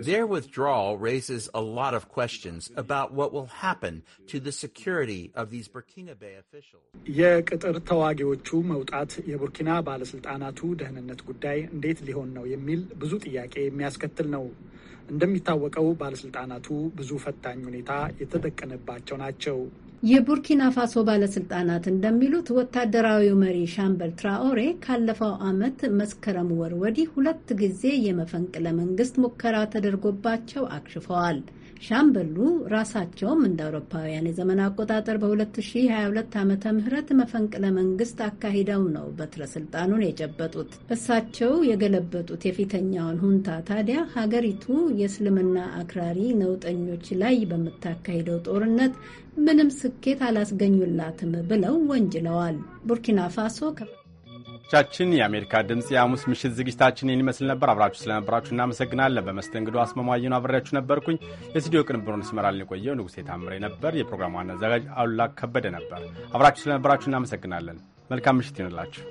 D: Their withdrawal raises a lot of questions about what will happen to the security of these Burkina Bay officials.
L: የቅጥር
G: ተዋጊዎቹ መውጣት የቡርኪና ባለስልጣናቱ ደህንነት ጉዳይ እንዴት ሊሆን ነው የሚል ብዙ ጥያቄ የሚያስከትል ነው። እንደሚታወቀው ባለስልጣናቱ ብዙ ፈታኝ ሁኔታ የተደቀነባቸው ናቸው።
L: የቡርኪና ፋሶ ባለስልጣናት እንደሚሉት ወታደራዊው መሪ ሻምበል ትራኦሬ ካለፈው ዓመት መስከረም ወር ወዲህ ሁለት ጊዜ የመፈንቅለ መንግስት ሙከራ ተደርጎባቸው አክሽፈዋል። ሻምበሉ ራሳቸውም እንደ አውሮፓውያን የዘመን አቆጣጠር በ2022 ዓመተ ምህረት መፈንቅለ መንግስት አካሂደው ነው በትረ ስልጣኑን የጨበጡት። እሳቸው የገለበጡት የፊተኛውን ሁንታ ታዲያ ሀገሪቱ የእስልምና አክራሪ ነውጠኞች ላይ በምታካሂደው ጦርነት ምንም ስኬት አላስገኙላትም ብለው ወንጅለዋል። ቡርኪና ፋሶ
A: ቻችን የአሜሪካ ድምፅ የሐሙስ ምሽት ዝግጅታችን ይመስል ነበር። አብራችሁ ስለነበራችሁ እናመሰግናለን። በመስተንግዶ አስማማየኑ አብሬያችሁ ነበርኩኝ። የስቱዲዮ ቅንብሩን ስመራልን የቆየው ንጉሴ ታምሬ ነበር። የፕሮግራሙ ዋና አዘጋጅ አሉላ ከበደ ነበር። አብራችሁ ስለነበራችሁ እናመሰግናለን። መልካም ምሽት ይሆንላችሁ።